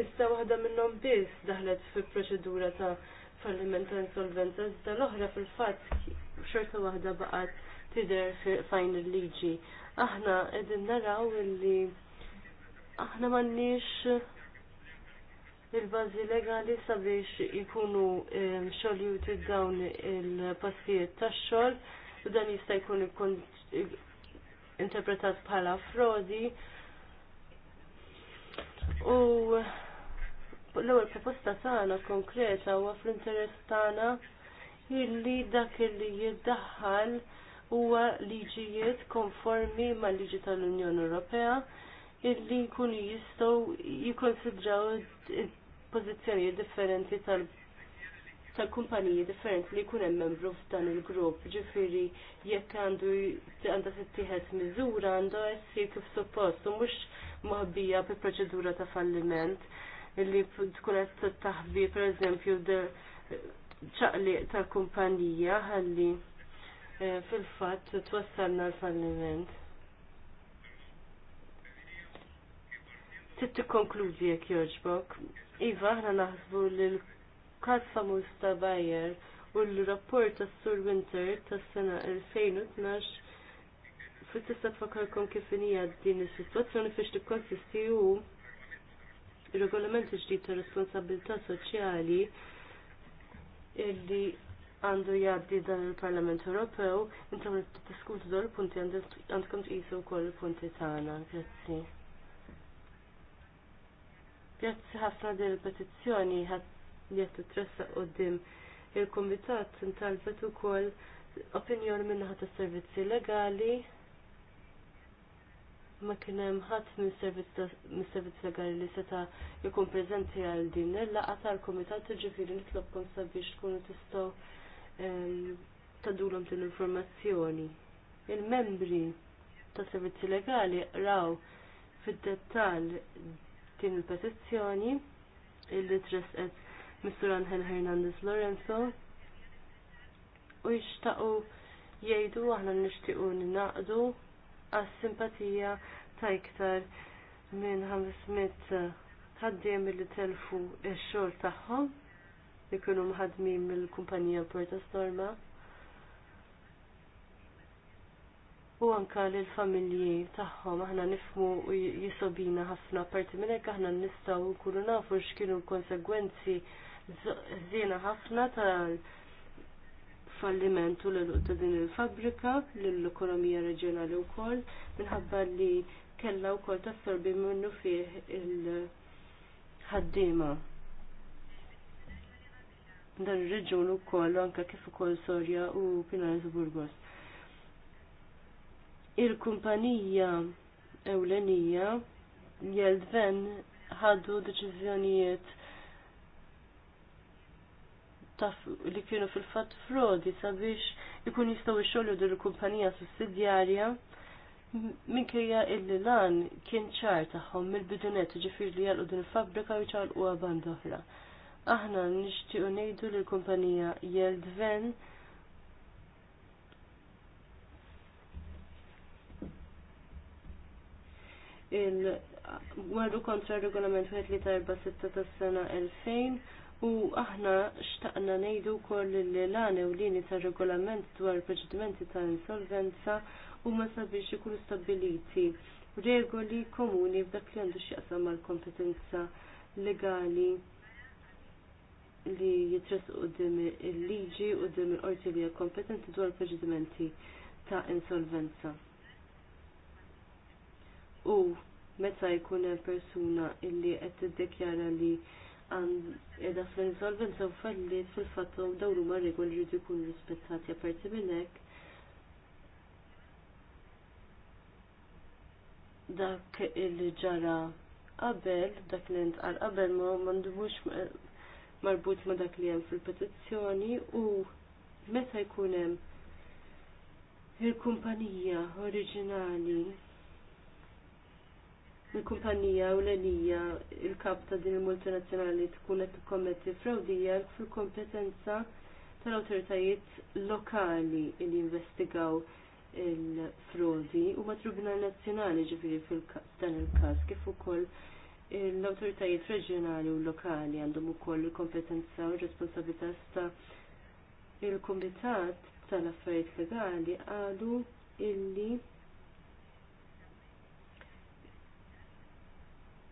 Issa waħda minnhom biss daħlet fi proċedura ta' falliment ta' insolvenza iżda l-oħra fil-fatt xorta waħda baqgħet tidher fajn il-liġi. Aħna qegħdin naraw illi aħna m'għandniex il-bazi legali sabiex ikunu xoljut dawn il-passijiet ta' xol u dan jista' jkun interpretat bħala frodi u l-ewwel proposta tagħna konkreta huwa fl-interess tagħna illi dak illi jiddaħħal huwa liġijiet konformi mal-liġi tal-Unjoni Ewropea illi nkunu jistgħu jikkonsidraw pożizzjoni differenti tal- tal-kumpaniji differenti li jkun hemm membru f'dan il-grupp, ġifiri jekk għandu għandha tittieħed miżura għandha ssir kif suppost u mhux maħbija bi proċedura ta' falliment illi tkun qed taħbi pereżempju ċaqli tal-kumpanija ħalli eh, fil-fatt twassalna l-falliment. Sitt konkludi jek joġbok. Iva, ħna naħsbu l kassa musta ta' u l-rapport ta' Sur Winter ta' sena 2012 fit tista' tfakarkom kif inija din is-sitwazzjoni fiex tikkonsisti u regolamenti ġdid ta' responsabilità soċjali illi għandu jaddi dan il-Parlament Ewropew, intom diskutu dol punti għandkom tqisu wkoll il-punti tagħna. Grazzi. Grazzi ħafna din il-petizzjoni jgħat titressa dim il-Komitat intalbet ukoll opinjoni minnaħa ta' servizzi legali ma kien hemm ħadd mis-servizz legali li seta' jkun preżenti għal din il-laqgħa tal-Kumitat ġifieri nitlobkom sabiex tkunu tistgħu tadulhom din l-informazzjoni. Il-membri ta' servizzi legali raw fid-dettall din il-petizzjoni illi tresqet Mr. Angel Hernandez Lorenzo u jishtaqu jgħidu aħna nishtiqu ninaqdu għas-simpatija ta' iktar minn 500 ħaddiem li telfu x-xogħol tagħhom li kienu mħadmin mill-kumpanija Porta Storma. u anka l-familji tagħhom aħna nifmu u jisobina ħafna parti minn hekk aħna nistgħu nkunu nafu x'kienu konsegwenzi żiena ħafna tal fallimentu l ta' din il-fabrika l-ekonomija reġjonali wkoll minħabba li kellha wkoll tassorbi minnu fih il-ħaddiema. Dan ir-reġjun ukoll anke kif ukoll Sorja u Pinarez Burgos il-kumpanija ewlenija Jeldven ħadu deċiżjonijiet taf li kienu fil-fat frodi sabiex ikun jistaw ixollu din il-kumpanija sussidjarja minkejja illi lan kien ċar tagħhom mill-bidunet ġifir li jalqu din il-fabrika u ċalqu għaband oħra. Aħna nixtiequ ngħidu li l-kumpanija Jeldven il-gwerru kontra regolament 1346 tas-sena 2000 u aħna xtaqna nejdu koll li l u lini ta' regolament dwar proċedimenti ta' insolvenza u ma sabiex ikunu stabiliti regoli komuni f'dak li għandu x'jaqsam mal-kompetenza legali li jitres u dim il-liġi u dim il-qorti li kompetenti dwar proċedimenti ta' insolvenza u meta jkun hemm persuna illi qed tiddikjara li qiegħda fl-insolvenza u fallit fil-fatt dawn huma regoli jridu jkunu rispettati apparti minn hekk dak li ġara qabel, dak li ntqal qabel ma m'għandux eh, marbut ma dak li hemm fil-petizzjoni u meta jkun hemm il-kumpanija oriġinali il-kumpanija u l il-kap ta' din il-multinazzjonali tkun qed tikkommetti frawdija fil-kompetenza tal-awtoritajiet lokali li investigaw il-frodi u ma' tribunal nazzjonali ġifiri fil-dan il-każ kif ukoll l-awtoritajiet reġjonali u lokali għandhom ukoll il-kompetenza u responsabilità sta il-Kumitat tal-Affarijiet Legali għadu illi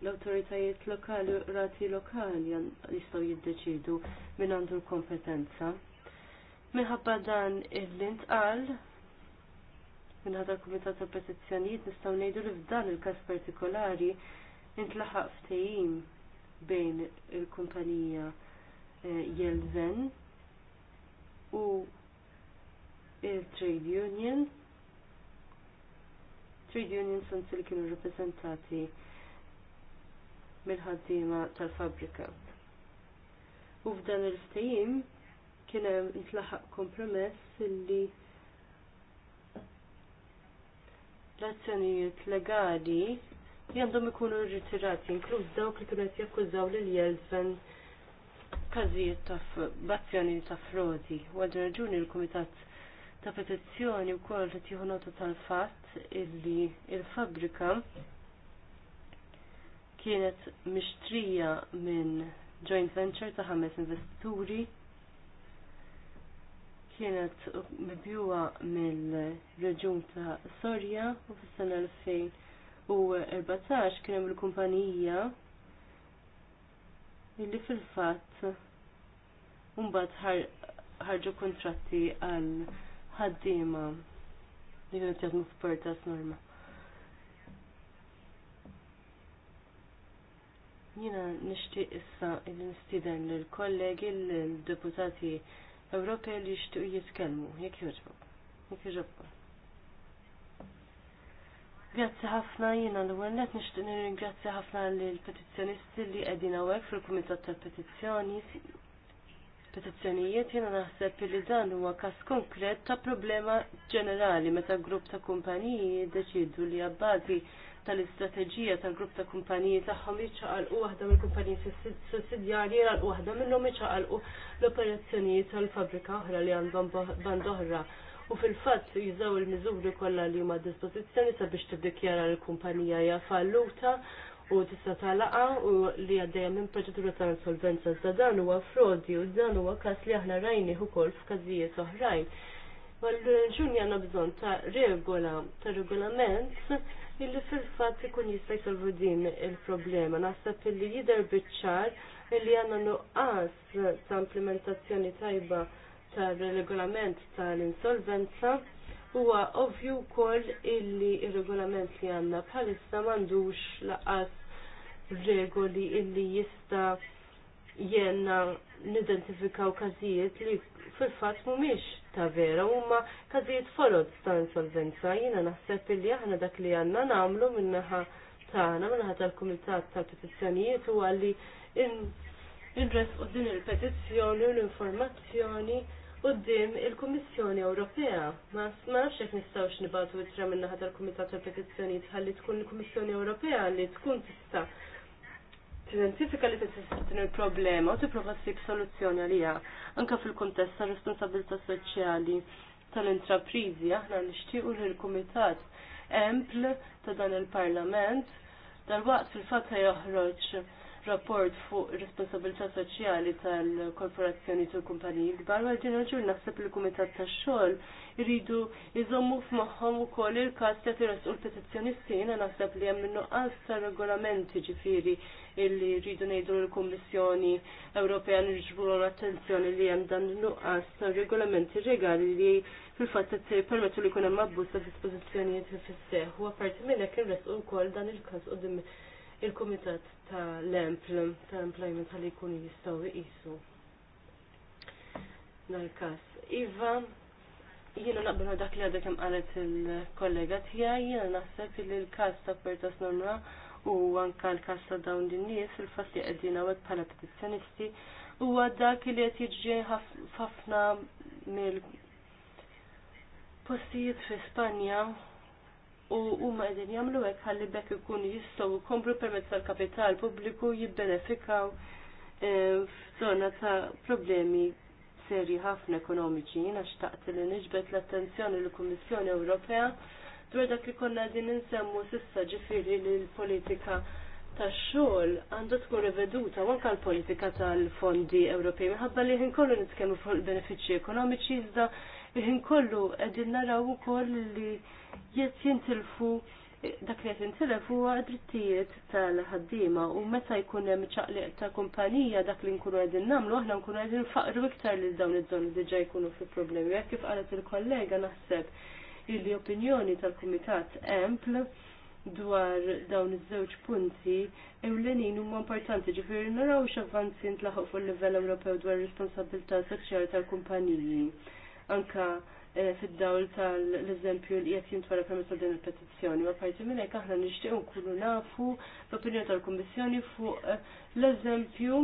l-autoritajiet lokali u rati lokali jistgħu jiddeċidu min għandu l-kompetenza. Minħabba dan il-lint qal minħabba l-Kumitat tal Petizzjonijiet nistgħu ngħidu li f'dan il-każ partikolari intlaħaq ftehim bejn il-kumpanija eh, Jelven u il-Trade Union. Trade Union sant li kienu rappresentati mill-ħaddiema tal-fabrika. U f'dan il-ftehim kien hemm intlaħaq kompromess li l-azzjonijiet legali għandhom ikunu rritirati, inkluż dawk li kienu qed jakkużaw lil Jelsen każijiet ta' bazzjoni ta' frodi. U għad raġuni l-Kumitat ta' Petizzjoni wkoll qed jieħu nota tal-fatt illi il-fabrika il fabrika kienet mixtrija minn joint venture ta' ħames investituri kienet mibjuwa mill-reġun ta' Sorja u fis-sena 2014 kien hemm il-kumpanija illi fil-fatt mbagħad ħarġu kontratti għal ħaddiema li kienet jaħdmu f'Portas Norma. Jina nishtiq issa il-nistiden l-kollegi l-deputati Ewropej li jishtiq jitkellmu, jek joġbu, jek joġbu. Grazzi ħafna jina l-għennet nishtiq nirringrazzi ħafna l-petizjonisti li għedina għek fil-Komitat tal-Petizjoni petizzjonijiet naħseb li dan huwa każ konkret ta' problema ġenerali meta grupp ta' kumpaniji deċidu li għabbazi tal-istrateġija tal-grupp ta' kumpaniji tagħhom jiċċaqalqu waħda mill-kumpaniji sussidjarji għal waħda minnhom jiċċaqalqu l-operazzjonijiet tal-fabrika oħra li għandhom band oħra. U fil-fatt jużaw il-miżuri kollha li huma dispożizzjoni sabiex tiddikjara l-kumpanija hija falluta u tista' talaqa u li għaddejja minn proċedura ta' insolvenza da dan huwa frodi u dan huwa każ li aħna rajnieh ukoll f'każijiet oħrajn. Għal-raġuni għanna bżon ta' regola, ta' regolament illi fil-fatt ikun jista' jsolvu din il-problema. Naħseb illi jidher biċ-ċar illi għandna nuqqas ta' implementazzjoni tajba tar-regolament tal-insolvenza huwa ovvju wkoll illi ir-regolament li għandna bħalissa m'għandux laqas regoli illi jista' jenna nidentifikaw każijiet li fil-fatt mhumiex ta' vera huma każijiet forod ta' insolvenza. Jiena naħseb li aħna dak li għandna nagħmlu minnaħa tagħna minnaħa tal-Kumitat tal-Petizzjonijiet huwa li inres u din il-petizzjoni u l-informazzjoni qoddim il-Kummissjoni Ewropea. Ma nafx jekk nistgħux nibgħatu ittra minnaħa tal-Kumitat tal-Petizzjonijiet ħalli tkun il-Kummissjoni Ewropea li tkun tista' tidentifika li t-sistin il-problema u t-prova s-sib soluzzjoni għalija. Anka fil-kontest ta' responsabilta soċjali tal-intraprizi, aħna nishtiqu li l-komitat empl ta' dan il-parlament dal-waqt fil-fat joħroġ rapport fuq responsabilità soċjali tal-korporazzjoni u l-kumpaniji kbar għal din raġun naħseb il kumitat tax-xogħol iridu jżommu f'moħħhom ukoll il-każ ta' tirasqu l-petizzjonisti jiena naħseb li hemm innuqqas ta' regolamenti ġifieri illi rridu ngħidu l-Kummissjoni Ewropea nirġbulu l-attenzjoni li hemm dan nuqqas ta' regolamenti regali li fil-fatt qed permettu li jkun hemm abbuż ta' dispożizzjonijiet fis-seħħ u apparti minn hekk inresqu wkoll dan il-każ qudiem il-Kumitat tal-Empl, tal-Employment għalli jkunu jistgħu jqisu. nal każ Iva, jiena naqbel dak li għadha kemm qalet il-kollega tiegħi, jiena naħseb li l-każ ta' Pertas Nomra u anka l-każ ta' dawn din nies il fatt li qegħdin għed bħala petizzjonisti huwa dak li qed jiġri ħafna mill postijiet fi Spanja u huma qegħdin jagħmlu hekk ħalli bekk ikun jistgħu jkomplu permezz tal-kapital pubbliku jibbenefikaw e, f'żona ta' problemi serji ħafna ekonomiċi, jiena xtaqt li niġbet l-attenzjoni l-Kummissjoni Ewropea dwar dak li konna din insemmu sissa ġifiri li l-politika tax xogħol għandu tkun riveduta anke l-politika tal-fondi Ewropej minħabba li ħin kollu nitkellmu fuq il-benefiċċji ekonomiċi iżda Iħin kollu għedin naraw u koll li jett jintilfu dak li qed intilef huwa drittijiet tal-ħaddiema u meta jkun hemm ċaqliq ta' kumpanija dak li nkunu għedin nagħmlu aħna nkunu għedin faqru iktar lil dawn iż-żoni diġà jkunu fi problemi. Jekk kif qalet il-kollega naħseb li opinjoni tal-Kumitat Empl dwar dawn iż-żewġ punti ewlenin huma importanti ġifieri naraw x'avvanzi ntlaħaq fuq il-livell Ewropew dwar ir-responsabilità soċjali tal-kumpaniji anka eh, fid-dawl tal-eżempju li qed jintwara permezz tal din il-petizzjoni. Ma parti minn hekk aħna nixtiequ nkunu nafu l-opinjoni tal-Kummissjoni fuq eh, l-eżempju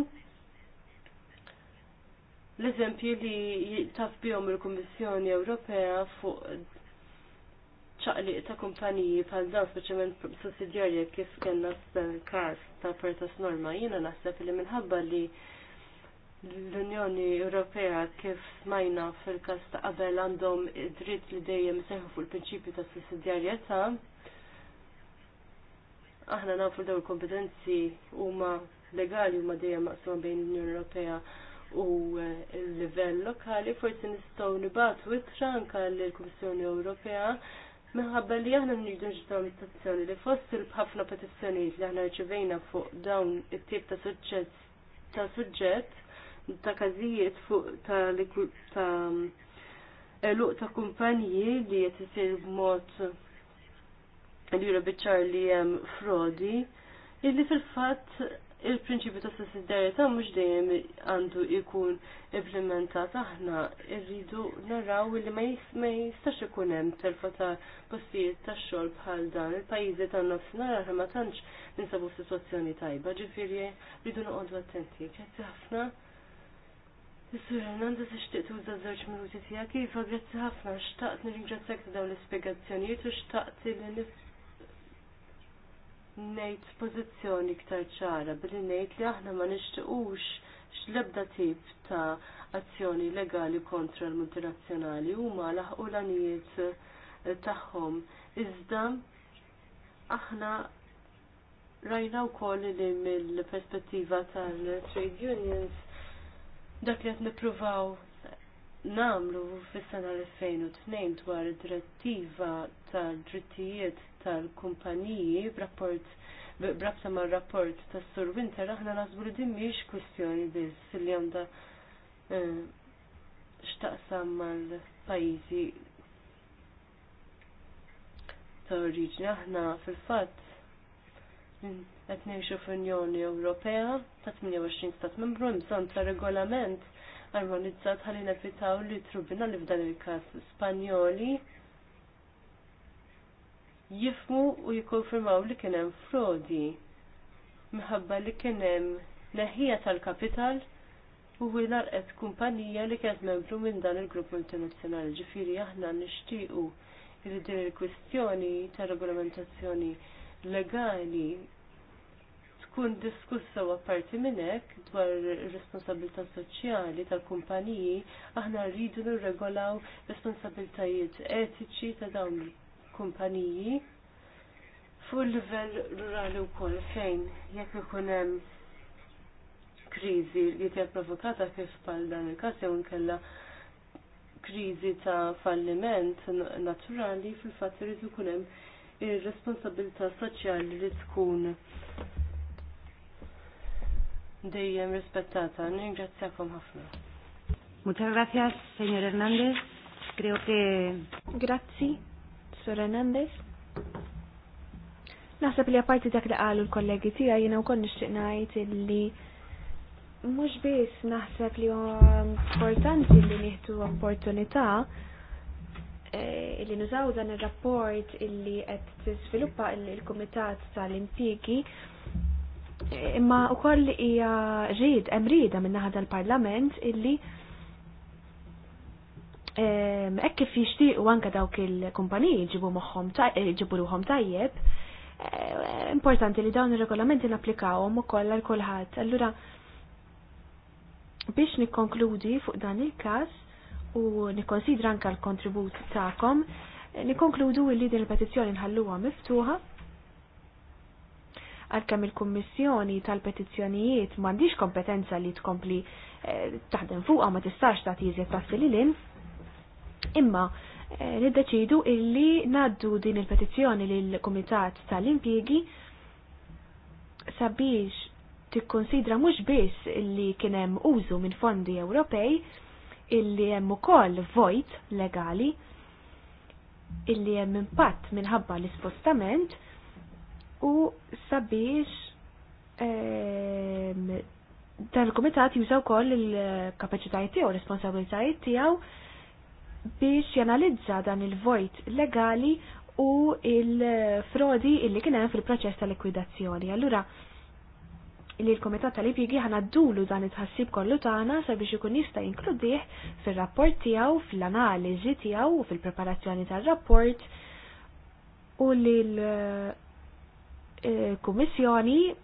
l-eżempju li taf bihom il-Kummissjoni Ewropea fuq ċaqliq ta' kumpaniji bħal dawn speċjalment sussidjarja kif kellna s-każ ta' Pertas Norma jiena naħseb li minħabba li l-Unjoni Ewropea kif smajna fil-kas ta' qabel għandhom dritt li dejjem seħu fuq il-prinċipju ta' sussidjarjetà. Aħna nafu dawn il-kompetenzi huma legali huma dejjem maqsuma bejn l-Unjoni Ewropea u l-livell lokali forsi nistgħu nibatu ittra anke lill-Kummissjoni Ewropea minħabba li aħna nridu nġibdu amministrazzjoni li fost il petizzjonijiet li aħna rċivejna fuq dawn it-tip ta' suġġett ta' suġġett ta' każijiet fuq ta' eluq ta' kumpanji li qed isir b'mod li jura bieċar li hemm frodi, illi fil-fatt il-prinċipju ta' sussidjarjetà mhux dejjem għandu jkun implementat aħna rridu naraw li ma jistax ikun hemm telfa ta' postijiet tax-xogħol bħal dan. Il-pajjiżi tan-nofsinhar aħna ma tantx ninsabu f'sitwazzjoni tajba, ġifieri rridu noqogħdu attenti. Grazzi ħafna. Mr. Hernandez, ixtiqt użda żewġ minuti tiegħek kif iva, grazzi ħafna xtaqt nirringrazzjak ta' dawn l-ispjegazzjonijiet u xtaqt li nejt pozizjoni ktar ċara billi ngħid li aħna ma nixtiequx x'lebda tip ta' azzjoni legali kontra l-multinazzjonali huma laħqu l-anijiet tagħhom. Iżda aħna rajna wkoll li mill-perspettiva tal-trade unions dak li qed nippruvaw namlu fis-sena 2002 dwar id-direttiva tal-drittijiet tal-kumpaniji b'rapport b'rabta ma' rapport tas sur Winter, aħna nasbu li din mhijiex kwistjoni biss li għandha e, xtaqsam mal-pajjiżi ta' oriġini. Aħna fil-fatt qed nimxu f'Unjoni Ewropea ta' 28 stat membru mżon ta' regolament armonizzat ħalli nevitaw li trubina li f'dan il-każ Spanjoli jifmu u jikkonfirmaw li kien hemm frodi minħabba li kien hemm neħija tal-kapital u larqet kumpanija li kienet membru minn dan il-grupp multinazzjonali. Ġifieri aħna nixtiequ li din il-kwistjoni ta' regolamentazzjoni legali tkun diskussa apparti minn hekk dwar ir-responsabilità soċjali tal-kumpaniji, aħna rridu nirregolaw responsabiltajiet etiċi ta' dawn il-kumpaniji fuq il-livell rurali wkoll fejn jekk ikun hemm kriżi li hija provokata kif bħal dan il-każ jew inkella kriżi ta' falliment naturali fil-fatt irid ikun hemm ir-responsabilità soċjali li tkun dejjem rispettata. Ningrazzjakom ħafna. Muchas gracias, señor Hernández. Creo que... Grazzi, Sor Hernández. Naħseb li apparti dak li qalu l-kollegi tiegħi jiena u koll nixtieq ngħid illi mhux biss naħseb li huwa importanti li nieħdu opportunità eh, illi nużaw dan ir-rapport illi qed tiżviluppa l-Kumitat tal impiegi imma wkoll hija ija hemm emrida minna naħa tal-Parlament illi hekk kif jixtiequ anke dawk il-kumpaniji ġibu moħħhom eh, ġibu ruħom tajjeb, eh, importanti li dawn ir-regolamenti napplikawhom ukoll għal kulħadd. Allura biex nikkonkludi fuq dan il-każ u nikkonsidra anke l-kontribut tagħkom, eh, nikkonkludu li din il-petizzjoni nħalluha miftuħa għalkemm il-Kummissjoni tal-Petizzjonijiet m'għandix kompetenza li tkompli eh, taħdem fuqha ma tistax tagħti iżjed passi lil imma eh, niddeċidu illi naddu din il-petizzjoni lill-Kumitat tal-Impjiegi sabiex tikkonsidra mhux biss illi kien hemm użu minn fondi Ewropej illi hemm ukoll vojt legali illi hemm impatt minħabba l-ispostament u sabiex ehm, dan il-komitat jużaw koll il kapacitajti tiegħu, responsabilitajiet tiegħu biex janalizza dan il-vojt legali u il-frodi illi kien hemm fil-proċess ta' likwidazzjoni. Allura li l-Komitat tal d-dulu dan it-ħassib kollu tagħna sabiex ikun jista' jinkludih fir-rapport tiegħu, fl-analiżi tiegħu u fil-preparazzjoni tar-rapport u li l il-Kummissjoni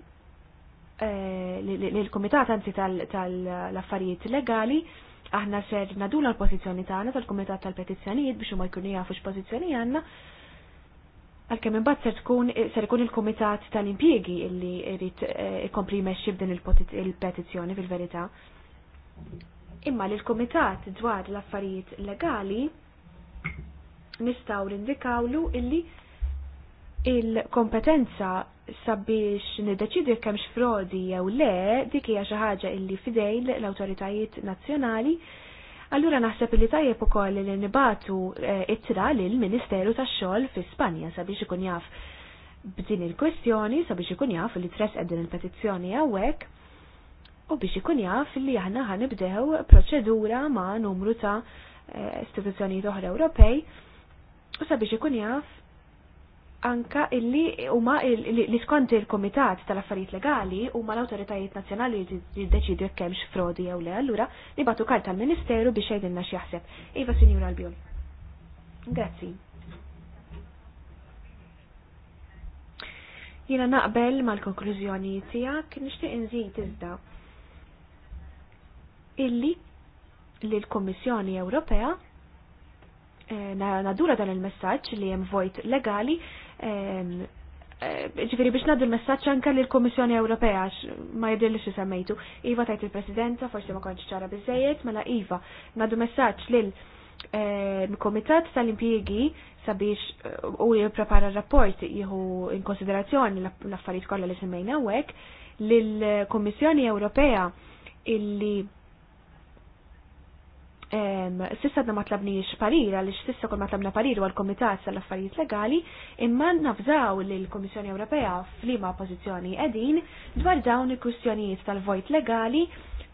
eh, l-Kumitat anzi tal-affarijiet legali aħna ser nadula l-pozizjoni tagħna tal-Kumitat tal-Petizzjonijiet biex huma jkunu jafu x'pożizzjoni għandna. Għalkemm imbagħad ser tkun ser ikun il-Kumitat tal-Impjiegi illi jrid eh, ikompli jmexxi b'din il-petizzjoni fil-verità. Imma li l-Kumitat dwar l-affarijiet legali nistgħu rindikawlu illi il-kompetenza sabiex niddeċidu jekk frodi jew le dik hija xi ħaġa illi fidejn l-awtoritajiet nazzjonali, allura naħseb li tajjeb ukoll li nibatu eh, ittra lil Ministeru tax-xogħol fi Spanja sabiex ikun jaf b'din il-kwestjoni sabiex ikun jaf li tres din il-petizzjoni hawnhekk u biex ikun jaf li aħna ħanibdew proċedura ma' numru ta' eh, istituzzjonijiet oħra Ewropej u sabiex ikun jaf anka illi huma li skont il-Komitat tal-Affarijiet Legali huma l-awtoritajiet nazzjonali jiddeċidu jekk kemmx frodi jew le, allura nibatu karta l-Ministeru biex jgħidilna x'jaħseb. Iva Sinjur Albiol. Grazzi. Jiena naqbel mal-konklużjoni tiegħek nixtieq inżid iżda illi li l-Kommissjoni Ewropea eh, nadura dan il-messaġġ li hemm vojt legali Eh, ġifiri biex naddu l-messagġ anka li l-Komissjoni Ewropea ma jidir li semmejtu. Iva tajt il-Presidenza, forsi ma konċi ċara bizzejiet, mela Iva naddu messaġġ lil l-Komitat tal-Impjiegi sabiex eh, u jiprepara rapport jieħu in konsiderazzjoni l-affarijiet kollha li semmejna hekk l komissjoni Ewropea illi sissa għadna ma tlabniex parir, għal sissa kol ma tlabna parir għal komitat sal affarijiet legali, imma nafżaw li l-Komissjoni Ewropea flima pozizjoni edin dwar dawn il-kustjonijiet tal-vojt legali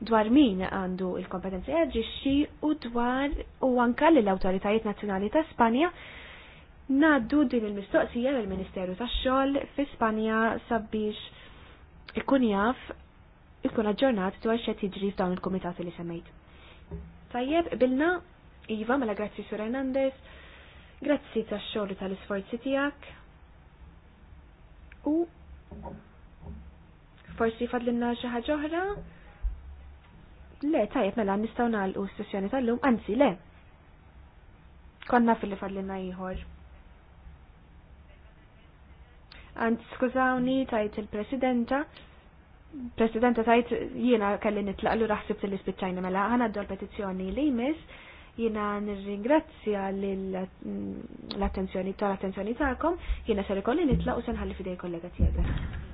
dwar min għandu il-kompetenzi għagġiċi u dwar u anka l-autoritajiet nazjonali ta' Spanja naddu din il-mistoqsija l-Ministeru ta' xol fi Spanja sabiex ikun jaf ikun aġġornat dwar xe tiġri f'dawn il-komitati li semmejt. Tajjeb, bilna, Iva, mela grazzi Sur Hernandez, grazzi tax xogħol tal-isforzi tiegħek. U forsi fadlinna xi ħaġa oħra? Le, tajjeb mela nistgħu nagħlqu s-sessjoni tal-lum, anzi le. Konna fil-li fadlinna ieħor. Anzi, skużawni tajt il-Presidenta, Presidenta tajt jiena kelli nitlaq l raħsib li spiċajna mela ħana d petizjoni li jmiss jiena nirringrazzja mm, l-attenzjoni tal-attenzjoni tagħkom jiena ser ikolli nitlaq u se nħalli fidej kollega tiegħek.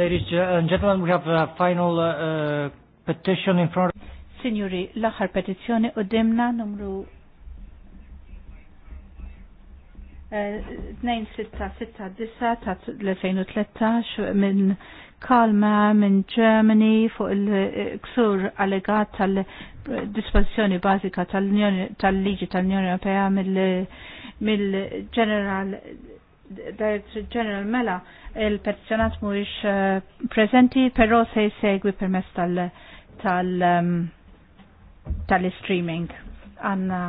Ladies and gentlemen, we have a final uh, petition in front of... Signori, l aħħar petizzjoni u dimna numru 2669 eh, ta' 2013 minn Kalma minn Germany fuq il-ksur eh, allegat tal disposizjoni bazika tal-liġi tal-Unjoni Ewropea mill-General mil Director General mela il mu mhuwiex eh, prezenti, però se jsegwi permezz tal tal ehm, tal-streaming. Għanna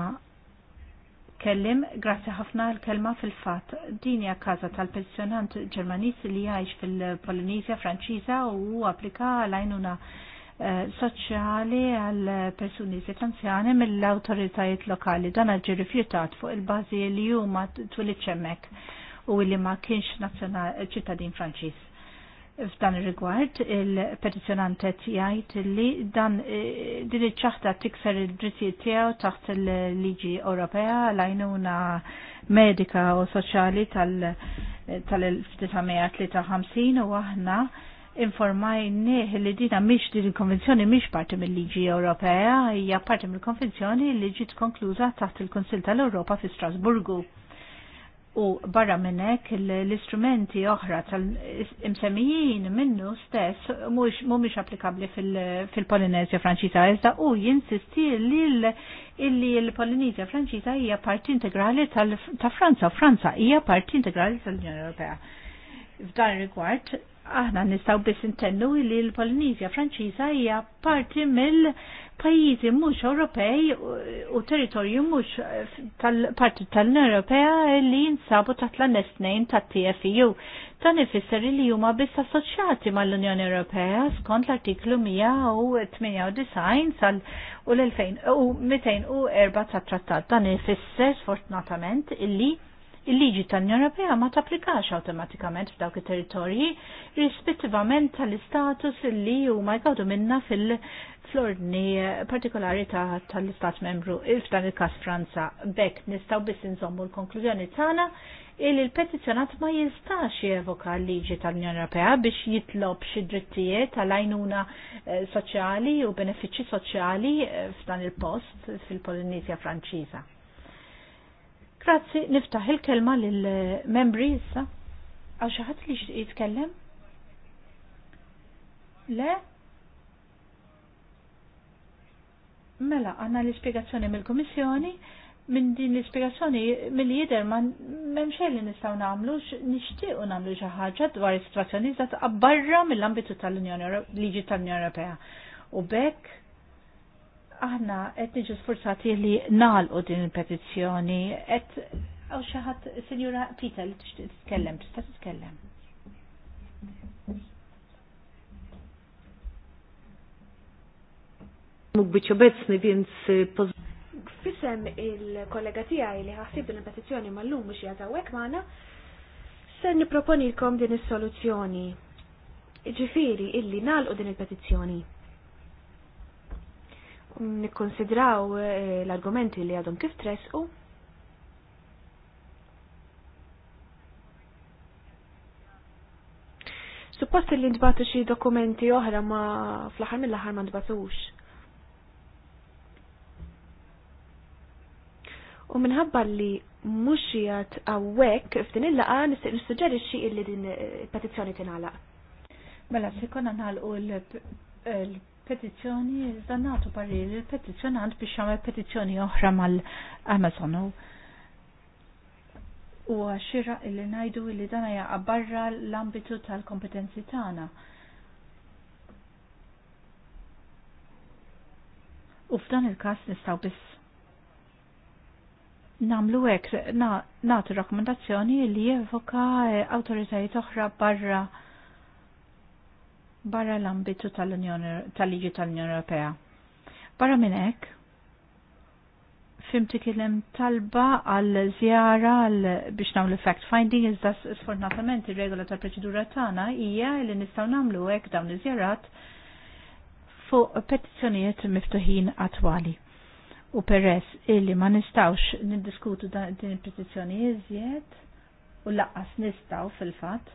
kellim, grazie ħafna l-kelma fil-fat. Dinja kaza tal-pensjonant ġermanis li jgħix fil-Polinizja Franċiza u applika għal-għajnuna eh, soċjali għal persuni anzjani mill-autoritajiet lokali. Dan ġi fuq il-bazi li huma twilit ċemmek u li ma kienx ċittadin Franċiż. F'dan ir-rigward, il-petizjonant qed jgħid li dan eh, din iċ-ċaħta tikser id-drittijiet tiegħu taħt il-liġi Ewropea l-għajnuna medika u soċjali tal-1953 u aħna informajnih li dina miex din il-konvenzjoni miex parti mill-liġi Ewropea, hija parti mill-konvenzjoni li ġiet konkluża taħt il-Kunsil tal-Ewropa fi Strasburgu u barra minnek l-istrumenti oħra tal-imsemmijin minnu stess mumiex applikabli fil-Polinezja Franċiża iżda u jinsisti li l-Polinezja Franċiża hija parti integrali ta' Franza u Franza hija parti integrali tal-Unjoni Ewropea. F'dan rigward aħna nistgħu biss intennu li l-Polinezja Franċiża hija parti mill pajjiżi mhux Ewropej u territorju mhux tal-parti tal-Unjoni Ewropea li jinsabu taħt l-annes tat tfu Dan ifisser li huma biss assoċjati mal-Unjoni Ewropea skont l-artiklu 198 sal u l u erba' tat-trattat. Dan ifisser sfortunatament illi il-liġi tal-Unjoni Ewropea ma tapplikax awtomatikament f'dawk it-territorji rispettivament tal-istatus li huma jgħadu minna fil- fl-ordni partikolari tal-Istat membru membru f'dan il-kas Franza. Bekk nistaw biss nżommu l-konklużjoni tagħna il il-petizjonat ma jistax jevoka l-liġi tal-Unjoni Ewropea biex jitlob xi drittijiet tal-għajnuna eh, soċjali u benefiċċji soċjali eh, f'dan il-post fil polinizja Franċiża. Grazzi, niftaħ il-kelma lill-membri issa. Għal xi ħadd li jitkellem? Le? Mela, għanna l-ispiegazzjoni mill-Komissjoni, minn din l-ispiegazzjoni mill-jider ma memxej li nistaw namlu, u namlu ħaġa dwar il-situazzjoni zat barra mill-ambitu tal-Unjoni liġi tal-Unjoni Ewropea. U bekk, aħna qed niġu sforzati li nagħlqu din il-petizzjoni, qed għaw xaħat, Sinjura Pita, li tixtieq titkellem, tista' titkellem. mógł być obecny, poz. Fissem il-kollega tijaj li ħasib din il-petizjoni mal-lum biex jazawek maħna, sen l-kom din il-soluzzjoni. Ġifiri illi nalqu din il-petizjoni. Nikkonsidraw e, l-argumenti li għadhom kif tresqu. Suppost li ntbatu xi dokumenti oħra ma fl-aħħar mill-aħħar ma ntbatux U minħabba li mhux jgħat hawnhekk f'din il-laqa nissuġġerixxi illi din il-petizzjoni eh, tingħalaq. Mela se jkollna nagħlqu l-petizzjoni iżda nagħtu l il-petizzjonant biex jagħmel petizzjoni oħra mal-Amazon u għaxira illi najdu illi dana jaqa barra l-ambitu tal-kompetenzi tagħna. U f'dan il-każ nistgħu biss namlu hekk natu rakkomandazzjoni li jevoka eh, awtoritajiet oħra barra barra l-ambitu tal-Unjoni tal-Liġi tal-Unjoni Europea. Barra minn hekk, fimti kien talba għal żjara għal biex nagħmlu fact finding iżda sfortunatament ir-regola tal-proċedura tagħna hija li nistgħu nagħmlu hekk dawn iż-żjarat fuq petizzjonijiet miftuħin attwali u peress illi ma nistawx niddiskutu din il-petizzjoni iżjed u laqas nistaw fil-fat,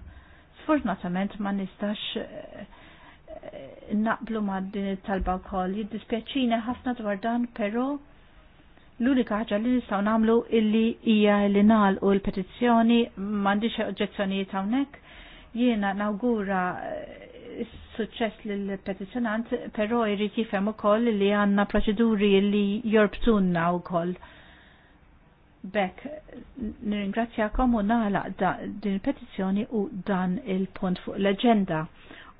sfortunatament ma nistax eh, eh, naqblu ma din il-talba u koll, jiddispieċina ħafna dwar dan, pero l-unika ħaġa li nistaw namlu illi hija li u l-petizzjoni mandiċe oġġezzjonijiet hawnhekk, jiena nawgura eh, suċċess lill-petizzjonant, però jrid jifhem ukoll li għandna proċeduri li jorbtunna wkoll. Bekk, nirringrazzjakom u nagħlaq din il-petizzjoni u dan il-punt fuq l-aġenda.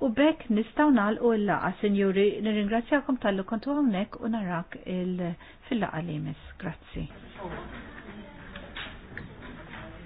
U bekk nistgħu nagħlqu l-laqa, sinjuri, nirringrazzjakom tal lu kontu hawnhekk u narak il-fil-laqa li mis. Grazzi.